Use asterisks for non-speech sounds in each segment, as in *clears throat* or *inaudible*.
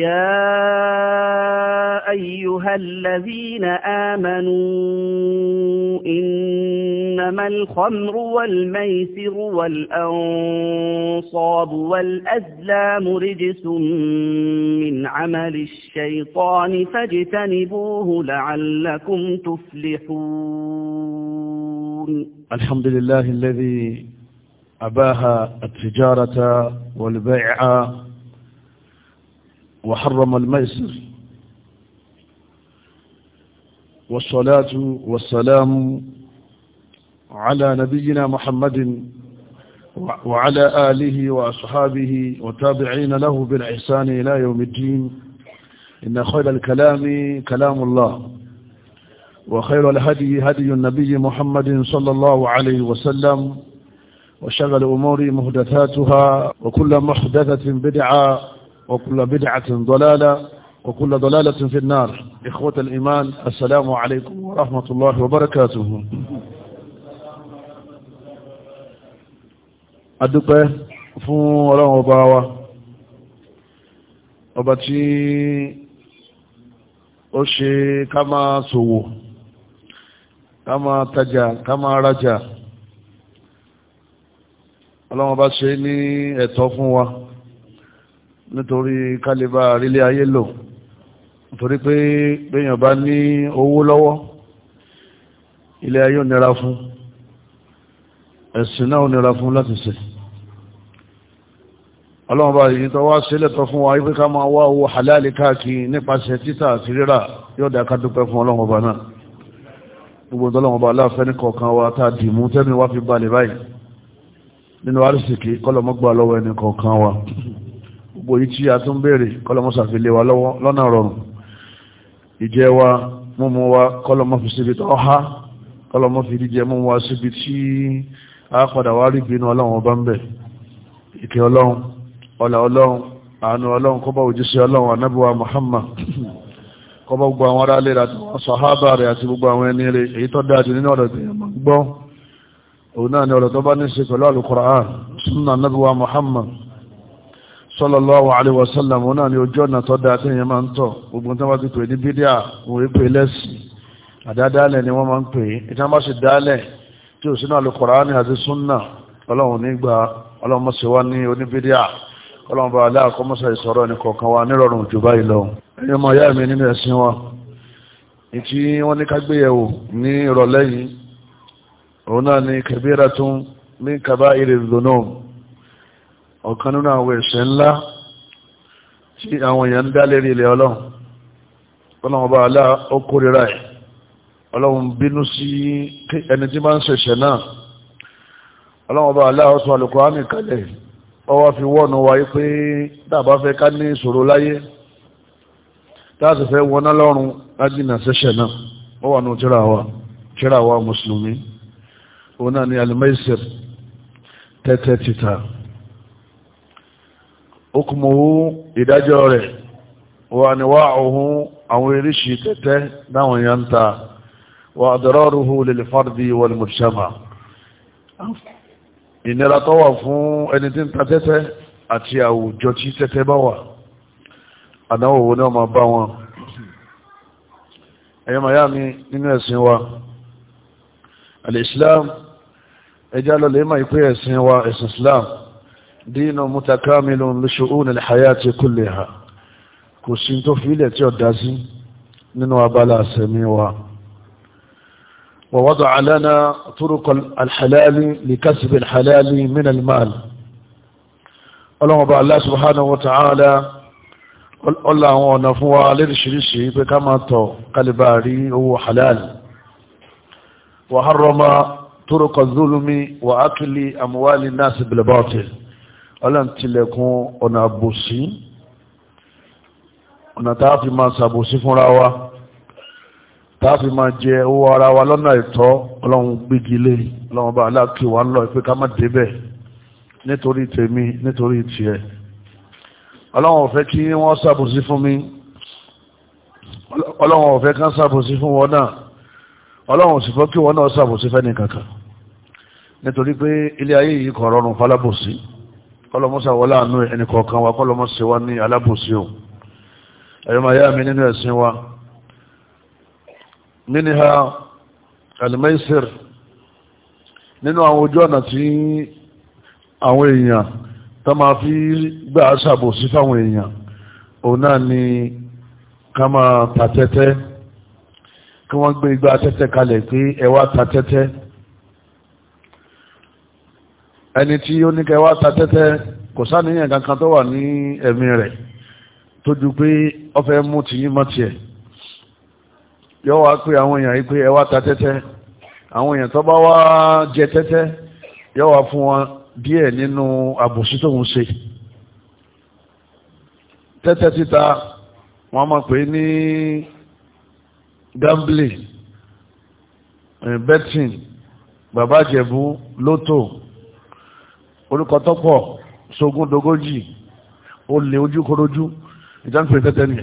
يا أيها الذين آمنوا إنما الخمر والميسر والأنصاب والأزلام رجس من عمل الشيطان فاجتنبوه لعلكم تفلحون الحمد لله الذي أباها التجارة والبيع وحرم الميسر والصلاة والسلام على نبينا محمد وعلى آله وأصحابه وتابعين له بالإحسان إلى يوم الدين إن خير الكلام كلام الله وخير الهدي هدي النبي محمد صلى الله عليه وسلم وشغل أموري مهدثاتها وكل محدثة بدعة وكل بدعة ضلالة وكل ضلالة في النار إخوة الإيمان السلام عليكم ورحمة الله وبركاته adúpẹ́ fún ọlọ́run ọba wa ọba tí ó ṣe ká máa ṣòwò ká máa tajà ká máa rajà ọlọ́run ọba ṣe ní ẹ̀tọ́ fún wa nítorí kálíbà rílé ayé lò nítorí pé béèyàn bá ní owó lọ́wọ́ ilé ayé ò nira fún ẹ̀sìn náà ò nira fún láti ṣe ọlọ́run bá yìí tó wá sílẹ̀ tó fún wa ibi ká máa wá owó halali káàkiri nípasẹ̀ títà àti rírà yóò dá ká dúpẹ́ fún ọlọ́run ọba náà gbogbo ọlọ́run ọba aláàfẹ́ ní kọ̀ọ̀kan wa tá a dì mú tẹ́mi wá fi balẹ̀ báyìí nínú arísìkí kọ́lọ̀mọ́gbà lọ́wọ́ ẹni kọ̀ọ̀kan wa gbogbo yìí tí a tún béèrè kọlọmọsà fi lé wa lọ́wọ́ lọ́nà rọrùn ìjẹ wa múmu wa kọlọmọ fi síbi tó ọha kọlọmọ fi díjẹ múmu wa síbi tí a padà wá rí bínú ọlọ́run ọba ń bẹ̀ ìkẹ́ ọlọ́run ọlà ọlọ́run àánú ọlọ́run kọ́bá òjíṣẹ́ ọlọ́run anábíwá Muhammad kọ́bá gbogbo àwọn ará lè àti sàhábà rẹ̀ àti gbogbo àwọn ẹni rẹ̀ èyí tó dáa jù nínú ọ̀rọ̀ tí a máa òun náà ni ọ̀rọ̀ tó bá ní ṣe pẹ̀lú Al-Qur'an sunna Muhammad sallallahu alaihi wasallam náà ni ojú ọ̀nà tó dáa tí èèyàn máa ń tọ̀ gbogbo tí wọ́n ti pè ní bídíà òun pè lẹ́sìn àdádálẹ̀ ni wọ́n máa ń pè é ìtàn bá sì dálẹ̀ tí ò sínú Al-Qur'ani àti súnà ọlọ́run nígbà ọlọ́run mọ̀ sí wá ní oníbídíà ọlọ́run bá aláà ọ̀kan nínú àwọn ẹ̀ṣẹ̀ ńlá tí àwọn èèyàn ń dá lérí ilẹ̀ ọlọ́run ọlọ́run ọba alá ó kórira ẹ̀ ọlọ́run bínú sí ẹni tí máa ń ṣẹ̀ṣẹ̀ náà ọlọ́run ọba alá ó sọ Al-Kùránì kalẹ̀ ọwọ́ fi wọ́ọ̀nù wáyé pé dábàá fẹ́ ká ní ìṣòro láyé táàsì fẹ́ wọná lọ́rùn lájìnà ṣẹ̀ṣẹ̀ náà ó wà nù tíra wa tíra wa mùsùlùmí òun náà ni alimẹ́sẹ̀ tẹ́tẹ́ títà okùnmọ̀wó ìdájọ́ rẹ̀ wà níwá ọ̀hún àwọn eréṣì tẹ́tẹ́ dáwọn èèyàn ń ta wà àdọ́rọ̀rùhù lil fardi wal mujtama ìnira tó wà fún ẹni tí ń ta tẹ́tẹ́ àti àwùjọ tí tẹ́tẹ́ bá wà àdáwò náà máa bá wọn ẹ̀yọ́ màyá mi nínú ẹ̀sìn wa al-Islam ẹjá lọ lè máa ìpé ẹ̀sìn wa ẹ̀sìn Islam dínà mutakamilù lóṣòó nílẹ̀ hayati kúlẹ̀ ha kò sí tó fílẹ̀ tí ó dá sí nínú abala àsẹ̀mí wa wàwọ́dọ̀ alẹ́nà túrùkọ alhalali likasibi alhalali minal mal ọlọ́mọba Allah subhanahu wa ta'ala ọlá àwọn ọ̀nà fún wa lẹ́rìṣìíríṣìí pé ká máa tọ̀ kalibà rí owó halali wa harrama túrùkọ zulumi wa akili amuwali nasi bilbatil ọlọ́ntilẹ̀kùn ọ̀nà àbòsí ọ̀nà tá a fi máa ṣàbòsí fúnra wa tá a fi máa jẹ owó ara wa lọ́nà ìtọ́ ọlọ́run gbígi lé ọlọ́run bá aláàkì wa ń lọ pé ká má débẹ̀ nítorí tèmi nítorí tiẹ̀ ọlọ́run ò fẹ́ kí wọ́n ṣàbòsí fún mi ọlọ́run ò fẹ́ kán ṣàbòsí fún wọn náà ọlọ́run ò sì fẹ́ kí wọn náà ṣàbòsí fẹ́ni kankan nítorí pé ilé ayé yìí kò rọrùn fálábòsí kọlọmọsà wọlé àánú ẹni kọ̀ọ̀kan wa kọlọmọsà wa ní alábòsí o ẹ̀yọ́ máa yá mi nínú ẹ̀sìn wa mínìhà alimẹ́sìr nínú àwọn ojú ọ̀nà tí àwọn èèyàn tó máa fi gbà ṣàbòsí fáwọn èèyàn òun náà ni ká máa ta kí wọ́n gbé igbá tẹ́tẹ́ kalẹ̀ pé ẹ wá ẹni tí ó ní kẹwàá ta tẹ́tẹ́ kò sáníyàn kankan tó wà ní ẹ̀mí rẹ̀ tó ju pé ó fẹ́ mú ti yín mọ́ tiẹ̀ yọ wá pé àwọn èèyàn yìí pé ẹ ta tẹ́tẹ́ àwọn èèyàn tó bá wá jẹ tẹ́tẹ́ yọ wá fún wọn díẹ̀ nínú àbòsí tó ń ṣe tẹ́tẹ́ títa wọ́n máa pè ní gambling eh, betting bàbá jẹ̀bú lótò orúkọ tọ́pọ̀ sógún dogoji, ó lè ojú korojú ìjánpẹ̀ tẹ́tẹ́ ni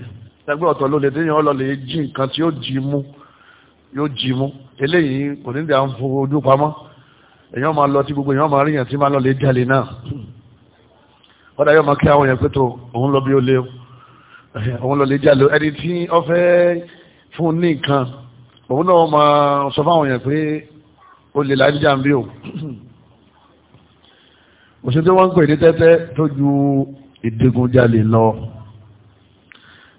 ẹgbẹ́ ọ̀tọ̀ ló lè déyàn ọlọ́lẹ̀ jí nǹkan tí ó jí mú yóò jí mú eléyìí kò ní dà ń fo ojú pamọ́ èèyàn máa lọ tí gbogbo èèyàn máa ríyàn tí máa lọ lè jalè náà ọ̀dà yóò máa kí àwọn yẹn pé tó òun lọ bí ó lé o òun lọ lè jalè ẹni tí ó fẹ́ fún ní nǹkan òun náà máa sọ fáwọn yẹn pé ó lè láì jà ń bí o kò sí tí wọ́n ń pè ní tẹ́tẹ́ tó ju ìdigunjalè lọ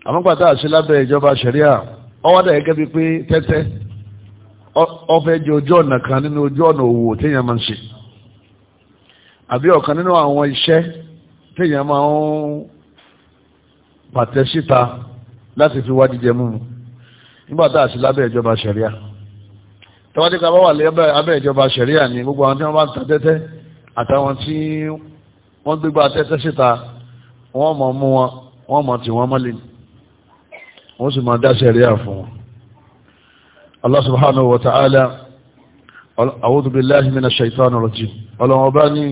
àmọ́ pàtó àṣẹ lábẹ́ ìjọba ṣẹ̀ríà ọwọ́ dà gẹ́gẹ́ bí pé tẹ́tẹ́ ọfẹ́ jẹ ojú ọ̀nà kan nínú ojú ọ̀nà òwò téèyàn máa ń ṣe àbí ọ̀kan nínú àwọn iṣẹ́ téèyàn máa ń pàtẹ síta láti fi wá jíjẹ múmu nígbà tá lábẹ́ ìjọba ṣẹ̀ríà tọ́wádìí ká bá wà lábẹ́ ìjọba ṣẹ̀ríà ni gbogbo àwọn tí wọ́n bá ń ta tẹ́tẹ́ àtàwọn tí wọ́n gbégbá tẹ́tẹ́ síta wọ́n mọ̀ mú wọn wọ́n mọ̀ tí wọ́n mọ́lẹ̀ wọ́n sì mọ̀ dáṣẹ́ rí àfún wọn Allah subhanahu wa ta'ala a'udhu billahi minash shaitani rajim ọlọ́wọ́n bá ní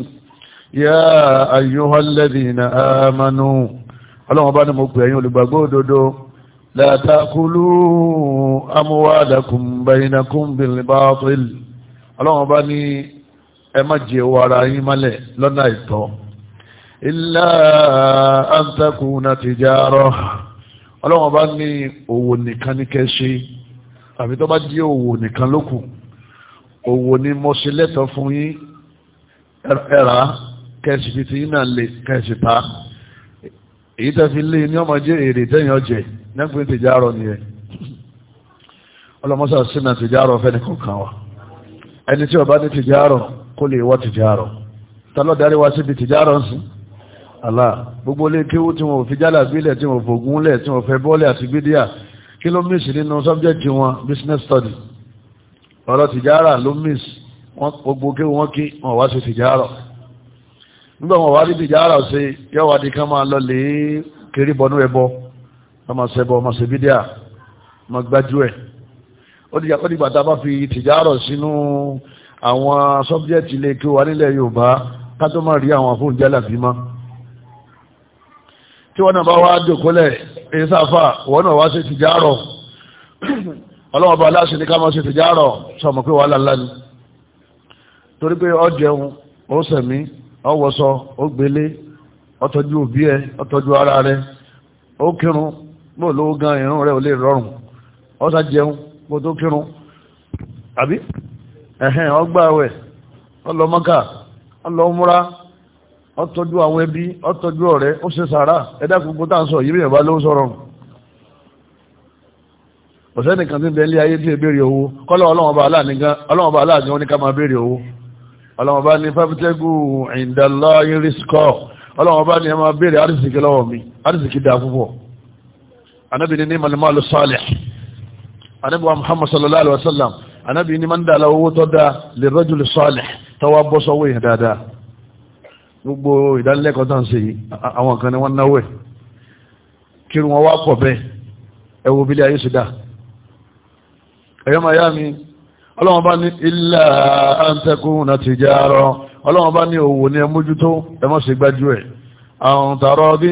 ya ayyuhal bá ní ẹ má jẹ owó ara yín mọ́lẹ̀ lọ́nà àìtọ́ ilá àǹtakùn náà ti já rọ ọlọ́wọ́n bá ní òwò nìkan ní kẹ́ ṣe àbí tó bá jẹ́ òwò nìkan lókù òwò ni mo ṣe lẹ́tọ̀ọ́ fún yín ẹ̀rá kẹ́sì fi ti iná lè kẹ́sì ta èyí tẹ́ fi lé ní ọmọ èrè tẹ́yìn ọjẹ́ nígbà tí ìjà rọ nìyẹn ọlọ́mọsà sínú àtìjà rọ fẹ́ni kọ̀ọ̀kan wa ẹni tí ó bá ní tìjà rọ kó lè wá tìjárọ̀ tálọ́darí wá síbi tìjárọ̀ ń sìn àlá gbogbo lè kéwú tí wọ́n fi jálà bílẹ̀ tí wọ́n fògúnlẹ̀ tí wọ́n fẹ́ bọ́ọ̀lẹ̀ àti bídíà kí ló miss nínú sọ́bjẹ́tì wọn business study ọ̀rọ̀ tìjárà ló miss gbogbo kéwú wọn kí wọn wá sí tìjárọ̀ nígbà wọn wá rí tìjárọ̀ sí yọ́wà di máa lọ lè kiri bọnú ẹbọ ọmọ sẹbọ ọmọ sẹbídíà ọmọ gbájú ẹ̀ ó dìgbà tá a bá fi tìjárọ̀ sínú àwọn sọ́bjẹ́tì ilé kí wà nílẹ̀ Yorùbá ká tó máa rí àwọn fún jálàbí má tí wọ́n náà bá wá dòkólẹ̀ ìsáfà wọ́n náà wá sí ti járọ̀ ọlọ́wọ́ ni torí pé ọ jẹun ó sẹ̀mí ọ ó gbélé ara rẹ ó kírun bó lówó gan irun rẹ ò lè jẹun bó tó ẹ̀hẹ́n ọgbà ẹ̀wẹ̀ ọlọ́mọ́kà ọlọ́múra ọtọ́jú àwọn ẹbí ọtọ́jú ọ̀rẹ́ ó ṣe sàárà ẹ̀dá gbogbo tá à ń sọ yìí bìyànjú bá ló ń sọ̀rọ̀ ọ̀sẹ́ nìkan ti bẹ̀ẹ́lí ayé tí ìbéèrè owó kọ́lọ̀ ọlọ́wọ́n bá aláàní wọn ni ká máa béèrè owó ọlọ́wọ́n bá ní fábítẹ́gù bá ní ẹ máa béèrè arísìkí lọ́wọ́ mi arísìkí púpọ̀ anábìnrin ní anábì ní máa ń dàlá owó tó dáa lè rọ́jù lè sọ́ọ̀lẹ̀ tọ́wọ́ bọ́ sọ́wọ́ yẹn dáadáa gbogbo ìdánilẹ́kọ̀ọ́ tán sí àwọn kan ni wọ́n náwó ẹ̀ kí wọ́n wá pọ̀ bẹ́ẹ̀ ẹ wo bílẹ̀ ayé sì dá ẹ̀yọ́ máa yá mi ọlọ́wọ́n bá ní illa an takuna tijara ọlọ́wọ́n bá ní òwò ní ẹmójútó ẹ má ṣe gbájú ẹ̀ àwọn tààrọ́ bí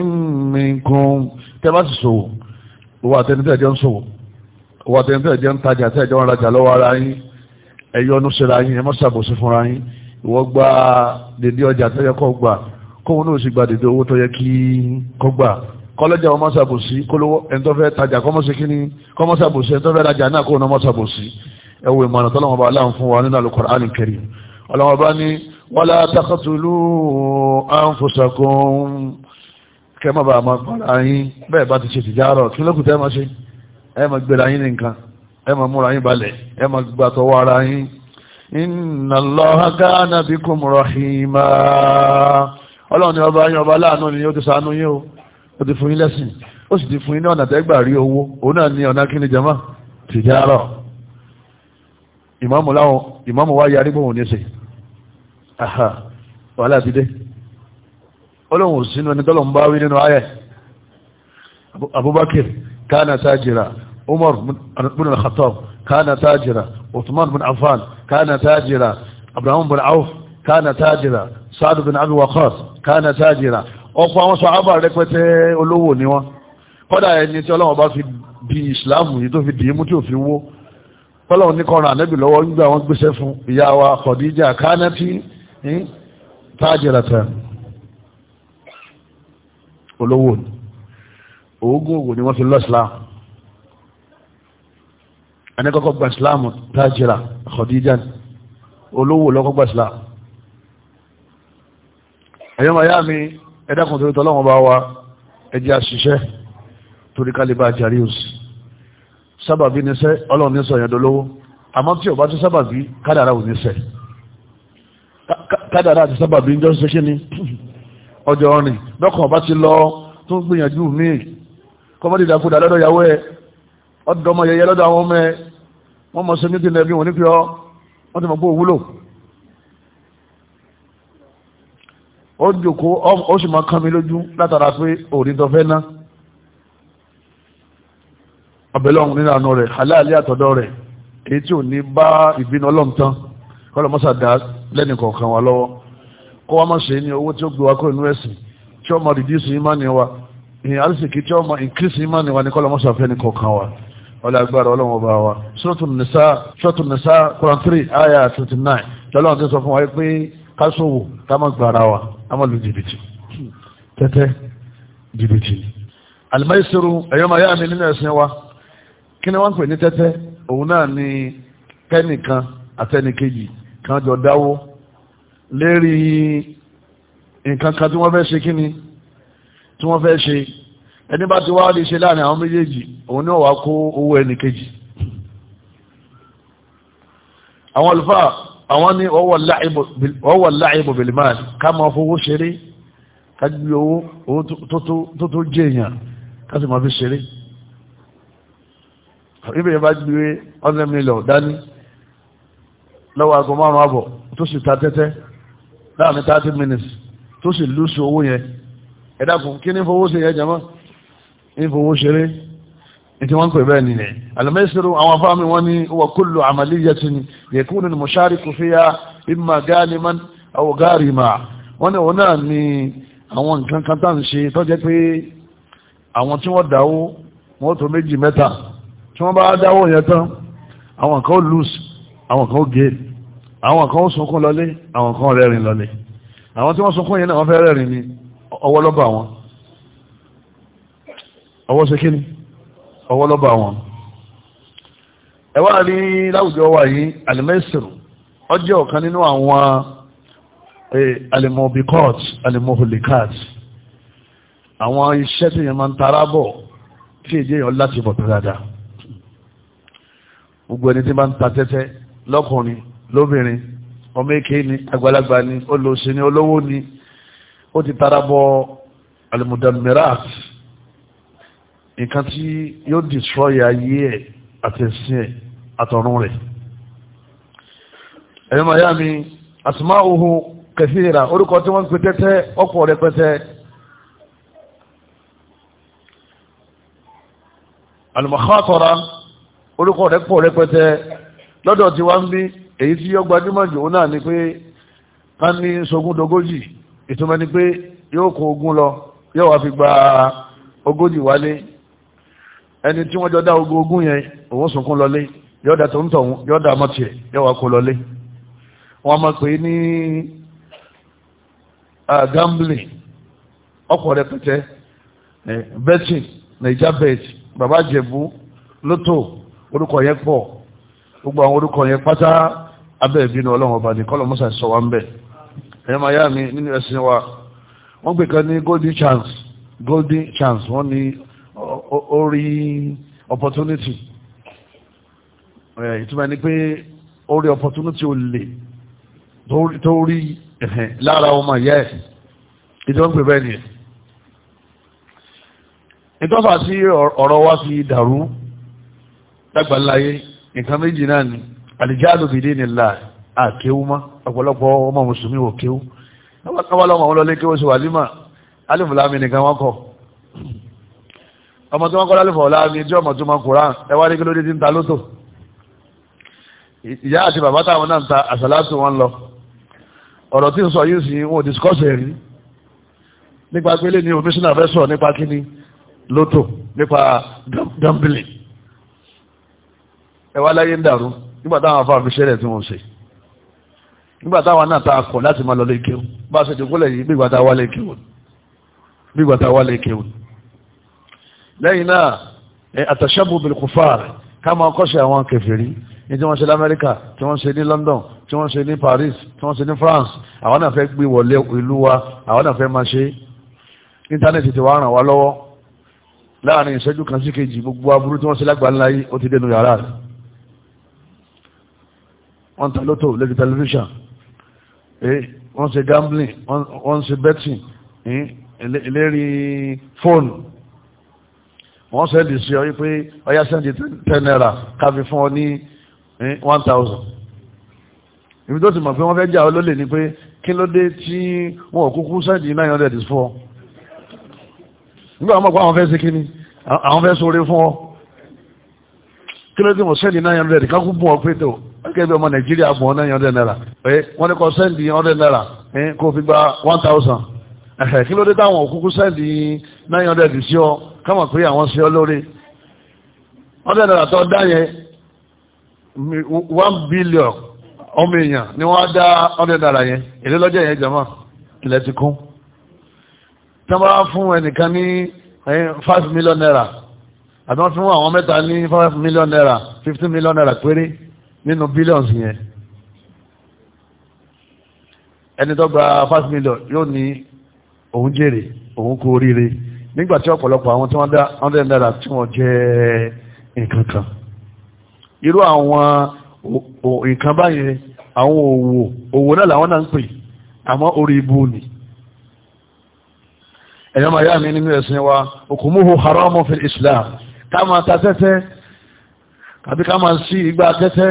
minkum tẹ́ bá sì ṣòwò owó àtẹnitẹ́ jọ ń ṣòwò wà tẹ́ tẹ́ jẹ́ ń tajà tẹ́ jọ ń rajà lọ́wọ́ ara yín ẹ̀yọ́ ọdún síra yín ẹmọ́ sàbòsí fúnra yín ìwọ gba dèdè ọjà tẹ́yẹ kọ́ gbà kóhun náà sì gba dèdè owó tọ́yẹ kí kọ́ gbà kọ́lọ́jà ọmọ sàbòsí kólówó ẹ̀ńtọ́fẹ́ tajà kọ́mọ́sí kíní kọ́mọ́sàbòsí ẹ̀ńtọ́fẹ́ rajà náà kóhun ọmọ sàbòsí ẹwọ ìmọ̀ràn tọ́lọ́wọ́ ẹ máa gbéra yín ní nǹkan ẹ múra yín balẹ̀ ẹ máa gbà tọwọ́ ara yín inna Allaha rahima ọlọ́run ni ọba yín ọba láàánú ni ó ti o ó ti fún yín lẹ́sìn ó sì ti fún yín ní ọ̀nà tẹ́gbà rí owó òun ni ọ̀nà kíni jama láwọn wá yarí ní ṣe wàhálà ti dé ọlọ́run sínú ẹni tọ́lọ̀ ń umar bin al-khattab kana tajira uthman bin affan kana tajira abraham bin auf kana tajira saadu bin abi waqas kana tajira ọ̀pọ̀ àwọn sàhábà rẹpẹtẹ olówó ni wọ́n kọ́dà ẹni tí ọlọ́wọ́ bá fi di ìsìláàmù yìí tó fi dì í mú tí ò fi wó kọ́lọ̀ ní kọ́ran ànẹ́bì lọ́wọ́ nígbà wọn gbéṣẹ́ fún ìyá wa kọ̀díjà kánẹ́tì ní tájìrẹ̀tẹ̀ olówó oògùn ògùn ni wọ́n fi lọ́sìláàmù ẹni kọ́kọ́ gba ìsìláàmù tájìrà Khadija olówó lọ́kọ́ gba ìsìláàmù ẹ̀yọ́ màá yá mi ẹ̀dàkùn torí tọ́lọ́wọ́n bá wa ẹjẹ́ àṣìṣẹ́ torí kálíbà jarius sábàbí níṣẹ́ ọlọ́run níṣẹ́ ọ̀yàn dolówó àmọ́ tí ò bá ti sábàbí kádàrà ò níṣẹ́ kádàrà àti sábàbí ń jọ́sí kí ni ọjọ́ rìn lọ́kàn ọba ti lọ tó ń gbìyànjú míì kọ́mọ́dé ìdàkúdà lọ́dọ̀ yàwó ẹ̀ ọdọmọ yẹyẹ lọ́dọ̀ àwọn ọmọ ẹ wọ́n mọ̀ sí mítìlẹ̀ bí wọ́n ní pé ọ wọ́n ti mọ̀ pé òwúlò ó jòkó ó sì máa kán mi lójú látara pé òrí tó fẹ́ ná ọ̀bẹ̀lẹ̀ ọ̀hún nínú àánú rẹ̀ aláàlí àtọ̀dọ̀ rẹ̀ èyí tí ò ní bá ìbínú ọlọ́mtán kọ́lọ̀ mọ́sà dá lẹ́nì kọ̀ọ̀kan wa lọ́wọ́ kó wá má ṣe ní owó tí ó gbé wa kó inú ẹ̀sìn tí ó mọ reduce ìmánì wa ìyẹn àrísìkí tí ó mọ increase ìmánì wa ní kọ́lọ̀ mọ́sà fẹ́ ní kọ̀ọ̀kan wa ọlágbára ọlọ́wọ́n bá wa suratul nisa suratul nisa quran three aya twenty nine lọ́lọ́wọ́n ti sọ fún wa pé kásòwò ká má gbàrà wa ká má lu jìbìtì tẹ́tẹ́ jìbìtì alimẹ́sẹ̀rù ẹ̀yọ́ máa yá mi nínú ẹ̀sìn wa kí ni wọ́n ń pè ní tẹ́tẹ́ òun náà ni kẹ́nìkan àtẹnìkejì kan jọ dáwó lérí nǹkan kan tí wọ́n fẹ́ ṣe kí ni tí wọ́n fẹ́ ṣe ẹni bá ti wá lè ṣe láàrin àwọn méjèèjì òun náà wá kó owó ẹni kejì àwọn alfa àwọn ní ọwọ́ láìbò bilman ká máa fowó ṣeré ká gbí owó tó tó jẹ́ èèyàn ká sì máa fi ṣeré ibẹ̀ bá gbé 100 million dání lọ́wọ́ aago márùn-ún àbọ̀ tó sì ta tẹ́tẹ́ láàrin 30 minutes tó sì lùsù owó yẹn ẹ̀dàkùn kí ní fowó ṣe yẹn jẹ́ mọ́ ìfowó ṣeré ìtí wọ́n ń pè bẹ́ẹ̀ nìyẹn alamẹ́sìrò àwọn afáàmì wọn ni wọ́n kullu amaliyatin yakunu al-mushariku fiha imma ganiman aw gharima wọ́n ní òun náà ni àwọn nǹkan kan tá à ń ṣe tó jẹ́ pé àwọn tí wọ́n dáwó wọ́n tó méjì mẹ́ta tí wọ́n bá dáwó yẹn tán àwọn kan ó lose àwọn kan ó gain àwọn kan ó sunkún lọlé àwọn kan rẹ́rìn lọlé àwọn tí wọ́n sunkún yẹn náà wọ́n fẹ́ rẹ́rìn ni ọwọ́ lọ́ba wọn ọwọ́ ṣe kí ni ọwọ́ lọ́ba wọn ẹ wá rí láwùjọ wa yìí alimẹ́sìrù ọjọ́ ọ̀kan nínú àwọn alimobicot alimoholicat àwọn iṣẹ́ tí yẹn máa ń tara bọ̀ tí èdè yẹn láti bọ̀ tó dáadáa gbogbo ẹni tí bá ń ta tẹ́tẹ́ lọ́kùnrin lóbìnrin ọmọ èké ni àgbàlagbà ni olóṣèlú olówó ni ó ti tara bọ̀ alimudamirat nǹkan tí yóò destroy ayé ẹ̀ àtẹ̀sìn ẹ̀ àtọ̀run rẹ̀ ẹ̀yọ́ màá yá mi àtùmá ohun kẹfìrà orúkọ tí wọ́n ń pè tẹ́tẹ́ ọ̀pọ̀ rẹpẹtẹ alùmọ̀kátọ̀ra orúkọ rẹ̀ pọ̀ rẹpẹtẹ lọ́dọ̀ tí wọ́n ń bí èyí tí yọ gbajúmọ̀ jù ó náà ni pé ká ní sogún dogójì ìtumọ̀ ni pé yóò kó ogún lọ yóò wá fi gba ogójì wálé ẹni tí wọ́n jọ dá ogun ogun yẹn òun sunkún lọlé yọ́dà tó ń tọ̀hún yọ́dà mọ́tìẹ̀ yọ́wà kó lọlé wọ́n máa pè é ní betting naija bet baba Jebu, lótò orúkọ yẹn pọ̀ gbogbo àwọn orúkọ yẹn pátá abẹ́ ìbínú ọlọ́run ọba ní mi nínú ẹ̀sìn wa wọ́n gbé kan ní golden chance golden chance wọ́n ní ó opportunity eh, ìtumọ̀ ni pé ó opportunity ó lè tó rí lára ọmọ ìyá ẹ̀ ìjọba ń pè bẹ́ẹ̀ nìyẹn ìtọ́fà sí ọ̀rọ̀ wa fi dàrú lágbàláyé nǹkan méjì náà ni àlìjáàlù bìdí nìlá àkéwú má ọ̀pọ̀lọpọ̀ ọmọ mùsùlùmí ò kéwú wọ́n lọ́mọ àwọn ọlọ́lé kéwú sí wàlímà alìfùlámi nìkan wọ́n kọ̀ ọmọ tí wọ́n kọ́ lálẹ́fọ̀ ọ̀la ni ẹjọ́ ọmọ tó mọ kùrán ẹ wá ní kí ló dé ti ń ta lóto ìyá àti bàbá táwọn náà ń ta àṣàlásù wọn lọ ọ̀rọ̀ tí ń sọ yìí sí wọn ò discourse ẹ̀rí nípa pélé ni omisina fẹ́ sọ nípa kíní lóto nípa gambili ẹ wá láyé ń dàrú nígbà táwọn afọ àfiṣẹ́ rẹ̀ tí wọ́n ṣe nígbà táwọn náà ta akọ̀ láti máa lọ lé kéwù bá a ṣe jòkó lẹ́yìn bí ìgbà tá a wá lé lẹ́yìn náà àtàṣàbù bilkufar ká máa kọ́ṣe àwọn kèfèrí ní tí wọ́n ṣe lamẹ́ríkà tí wọ́n ṣe ní London tí wọ́n ṣe ní Paris tí wọ́n ṣe ní France àwọn náà fẹ́ gbé wọlé ìlú wa àwọn náà fẹ́ máa ṣe íńtánẹ́ẹ̀tì ti wá ràn wá lọ́wọ́ láàrin ìṣẹ́jú kan sí kejì gbogbo aburú tí wọ́n ṣe lágbàá ńlá yìí ó ti dénú yàrá rẹ̀ wọ́n ta lótò lórí tẹlifíṣàn wọ́n ṣe gambling wọ́n ṣe betting lérí fóònù wọ́n sẹ́ndì sí ọ wípé ọyá sẹ́ndì ten naira káfí fún ọ ní one thousand ibi tó ti mọ̀ pé wọ́n fẹ́ jà ọ lólè ni pé kí ló dé tí wọn ò kúkú sẹ́ndì nine hundred is fún ọ nígbà wọn mọ̀ pé àwọn fẹ́ ṣe kí ni àwọn fẹ́ sóore fún ọ kí ló dé wọn sẹ́ndì nine hundred kákú bùn ọ pé tó gẹ́gẹ́ bí ọmọ nàìjíríà bùn ọ nine hundred naira wọ́n ní kọ́ sẹ́ndì hundred naira kó fi gba one thousand kí ló dé táwọn òkúkú sẹ́ndì nine hundred sí ọ káwọn pé àwọn sí ọ lórí wọ́n tẹ̀lé àtọ́ dá yẹn one billion ọmọ èèyàn ni wọ́n á dá ọdẹ dára yẹn èlé lọ́jọ́ yẹn jama ilẹ̀ ti kún tí wọ́n bá fún ẹnìkan ní five million naira àti wọ́n fún àwọn mẹ́ta ní five million naira fifteen million naira péré nínú billions yẹn ẹni tó gba five million yóò ní òun jèrè òun kú oríire nígbà tí ọ̀pọ̀lọpọ̀ àwọn tí wọ́n dá hundred naira tí wọ́n jẹ́ nǹkan kan irú àwọn nǹkan báyẹn àwọn òwò òwò náà làwọn náà ń pè àmọ́ orí ibu ni ẹ̀yọ́ máa yá mi nínú ẹ̀sìn wa okùnmóhù haramu fi islam ká máa ta tẹ́tẹ́ tàbí ká máa sí igbá tẹ́tẹ́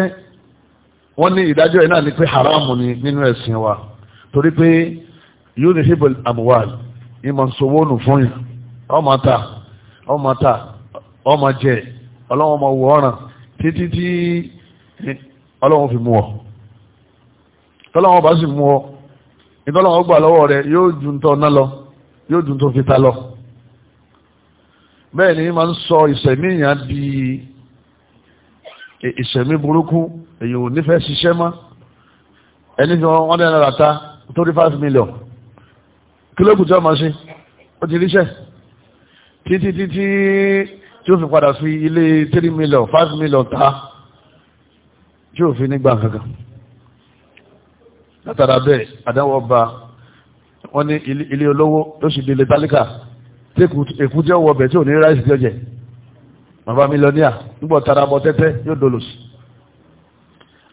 wọ́n ní ìdájọ́ ẹ̀ náà ni pé haramu ni nínú ẹ̀sìn wa torí pé yóò ní hibble amuwal ìmọ̀ sowónù fún yàn ọmọ ta ọmọ ta ọmọ jẹ ọlọ́wọ́n ọmọ wọ ọ̀ràn títí tí ọlọ́wọ́n fi mú ọ tọ́lọ́wọ́n bá sì mú ọ ìtọ́lọ́wọ́n gbà lọ́wọ́ rẹ yóò ju ń tọ́ ná lọ yóò ju ń tọ́ fi ta lọ bẹ́ẹ̀ ni máa ń sọ ìṣẹ̀mí yẹn di ìṣẹ̀mí burúkú èyí ò nífẹ̀ẹ́ ṣiṣẹ́ mọ́ ẹni fi wọ́n dẹ́nu ràta tó rí five million kí ló kù tí wọ́n ó ti ríṣẹ́ títí títí tí ó fi padà fi ilé 3 million 5 million ta tí ó fi nígbà kankan látara bẹ́ẹ̀ àdáwọ̀ ba wọ́n ní ilé olówó ló sì di ilé tálíkà tí èkú tí ó wọ ọbẹ̀ tí ò ní ráìsì tí ó jẹ bàbá mílíọ̀níà nígbà tara bọ tẹ́tẹ́ yóò dolòsì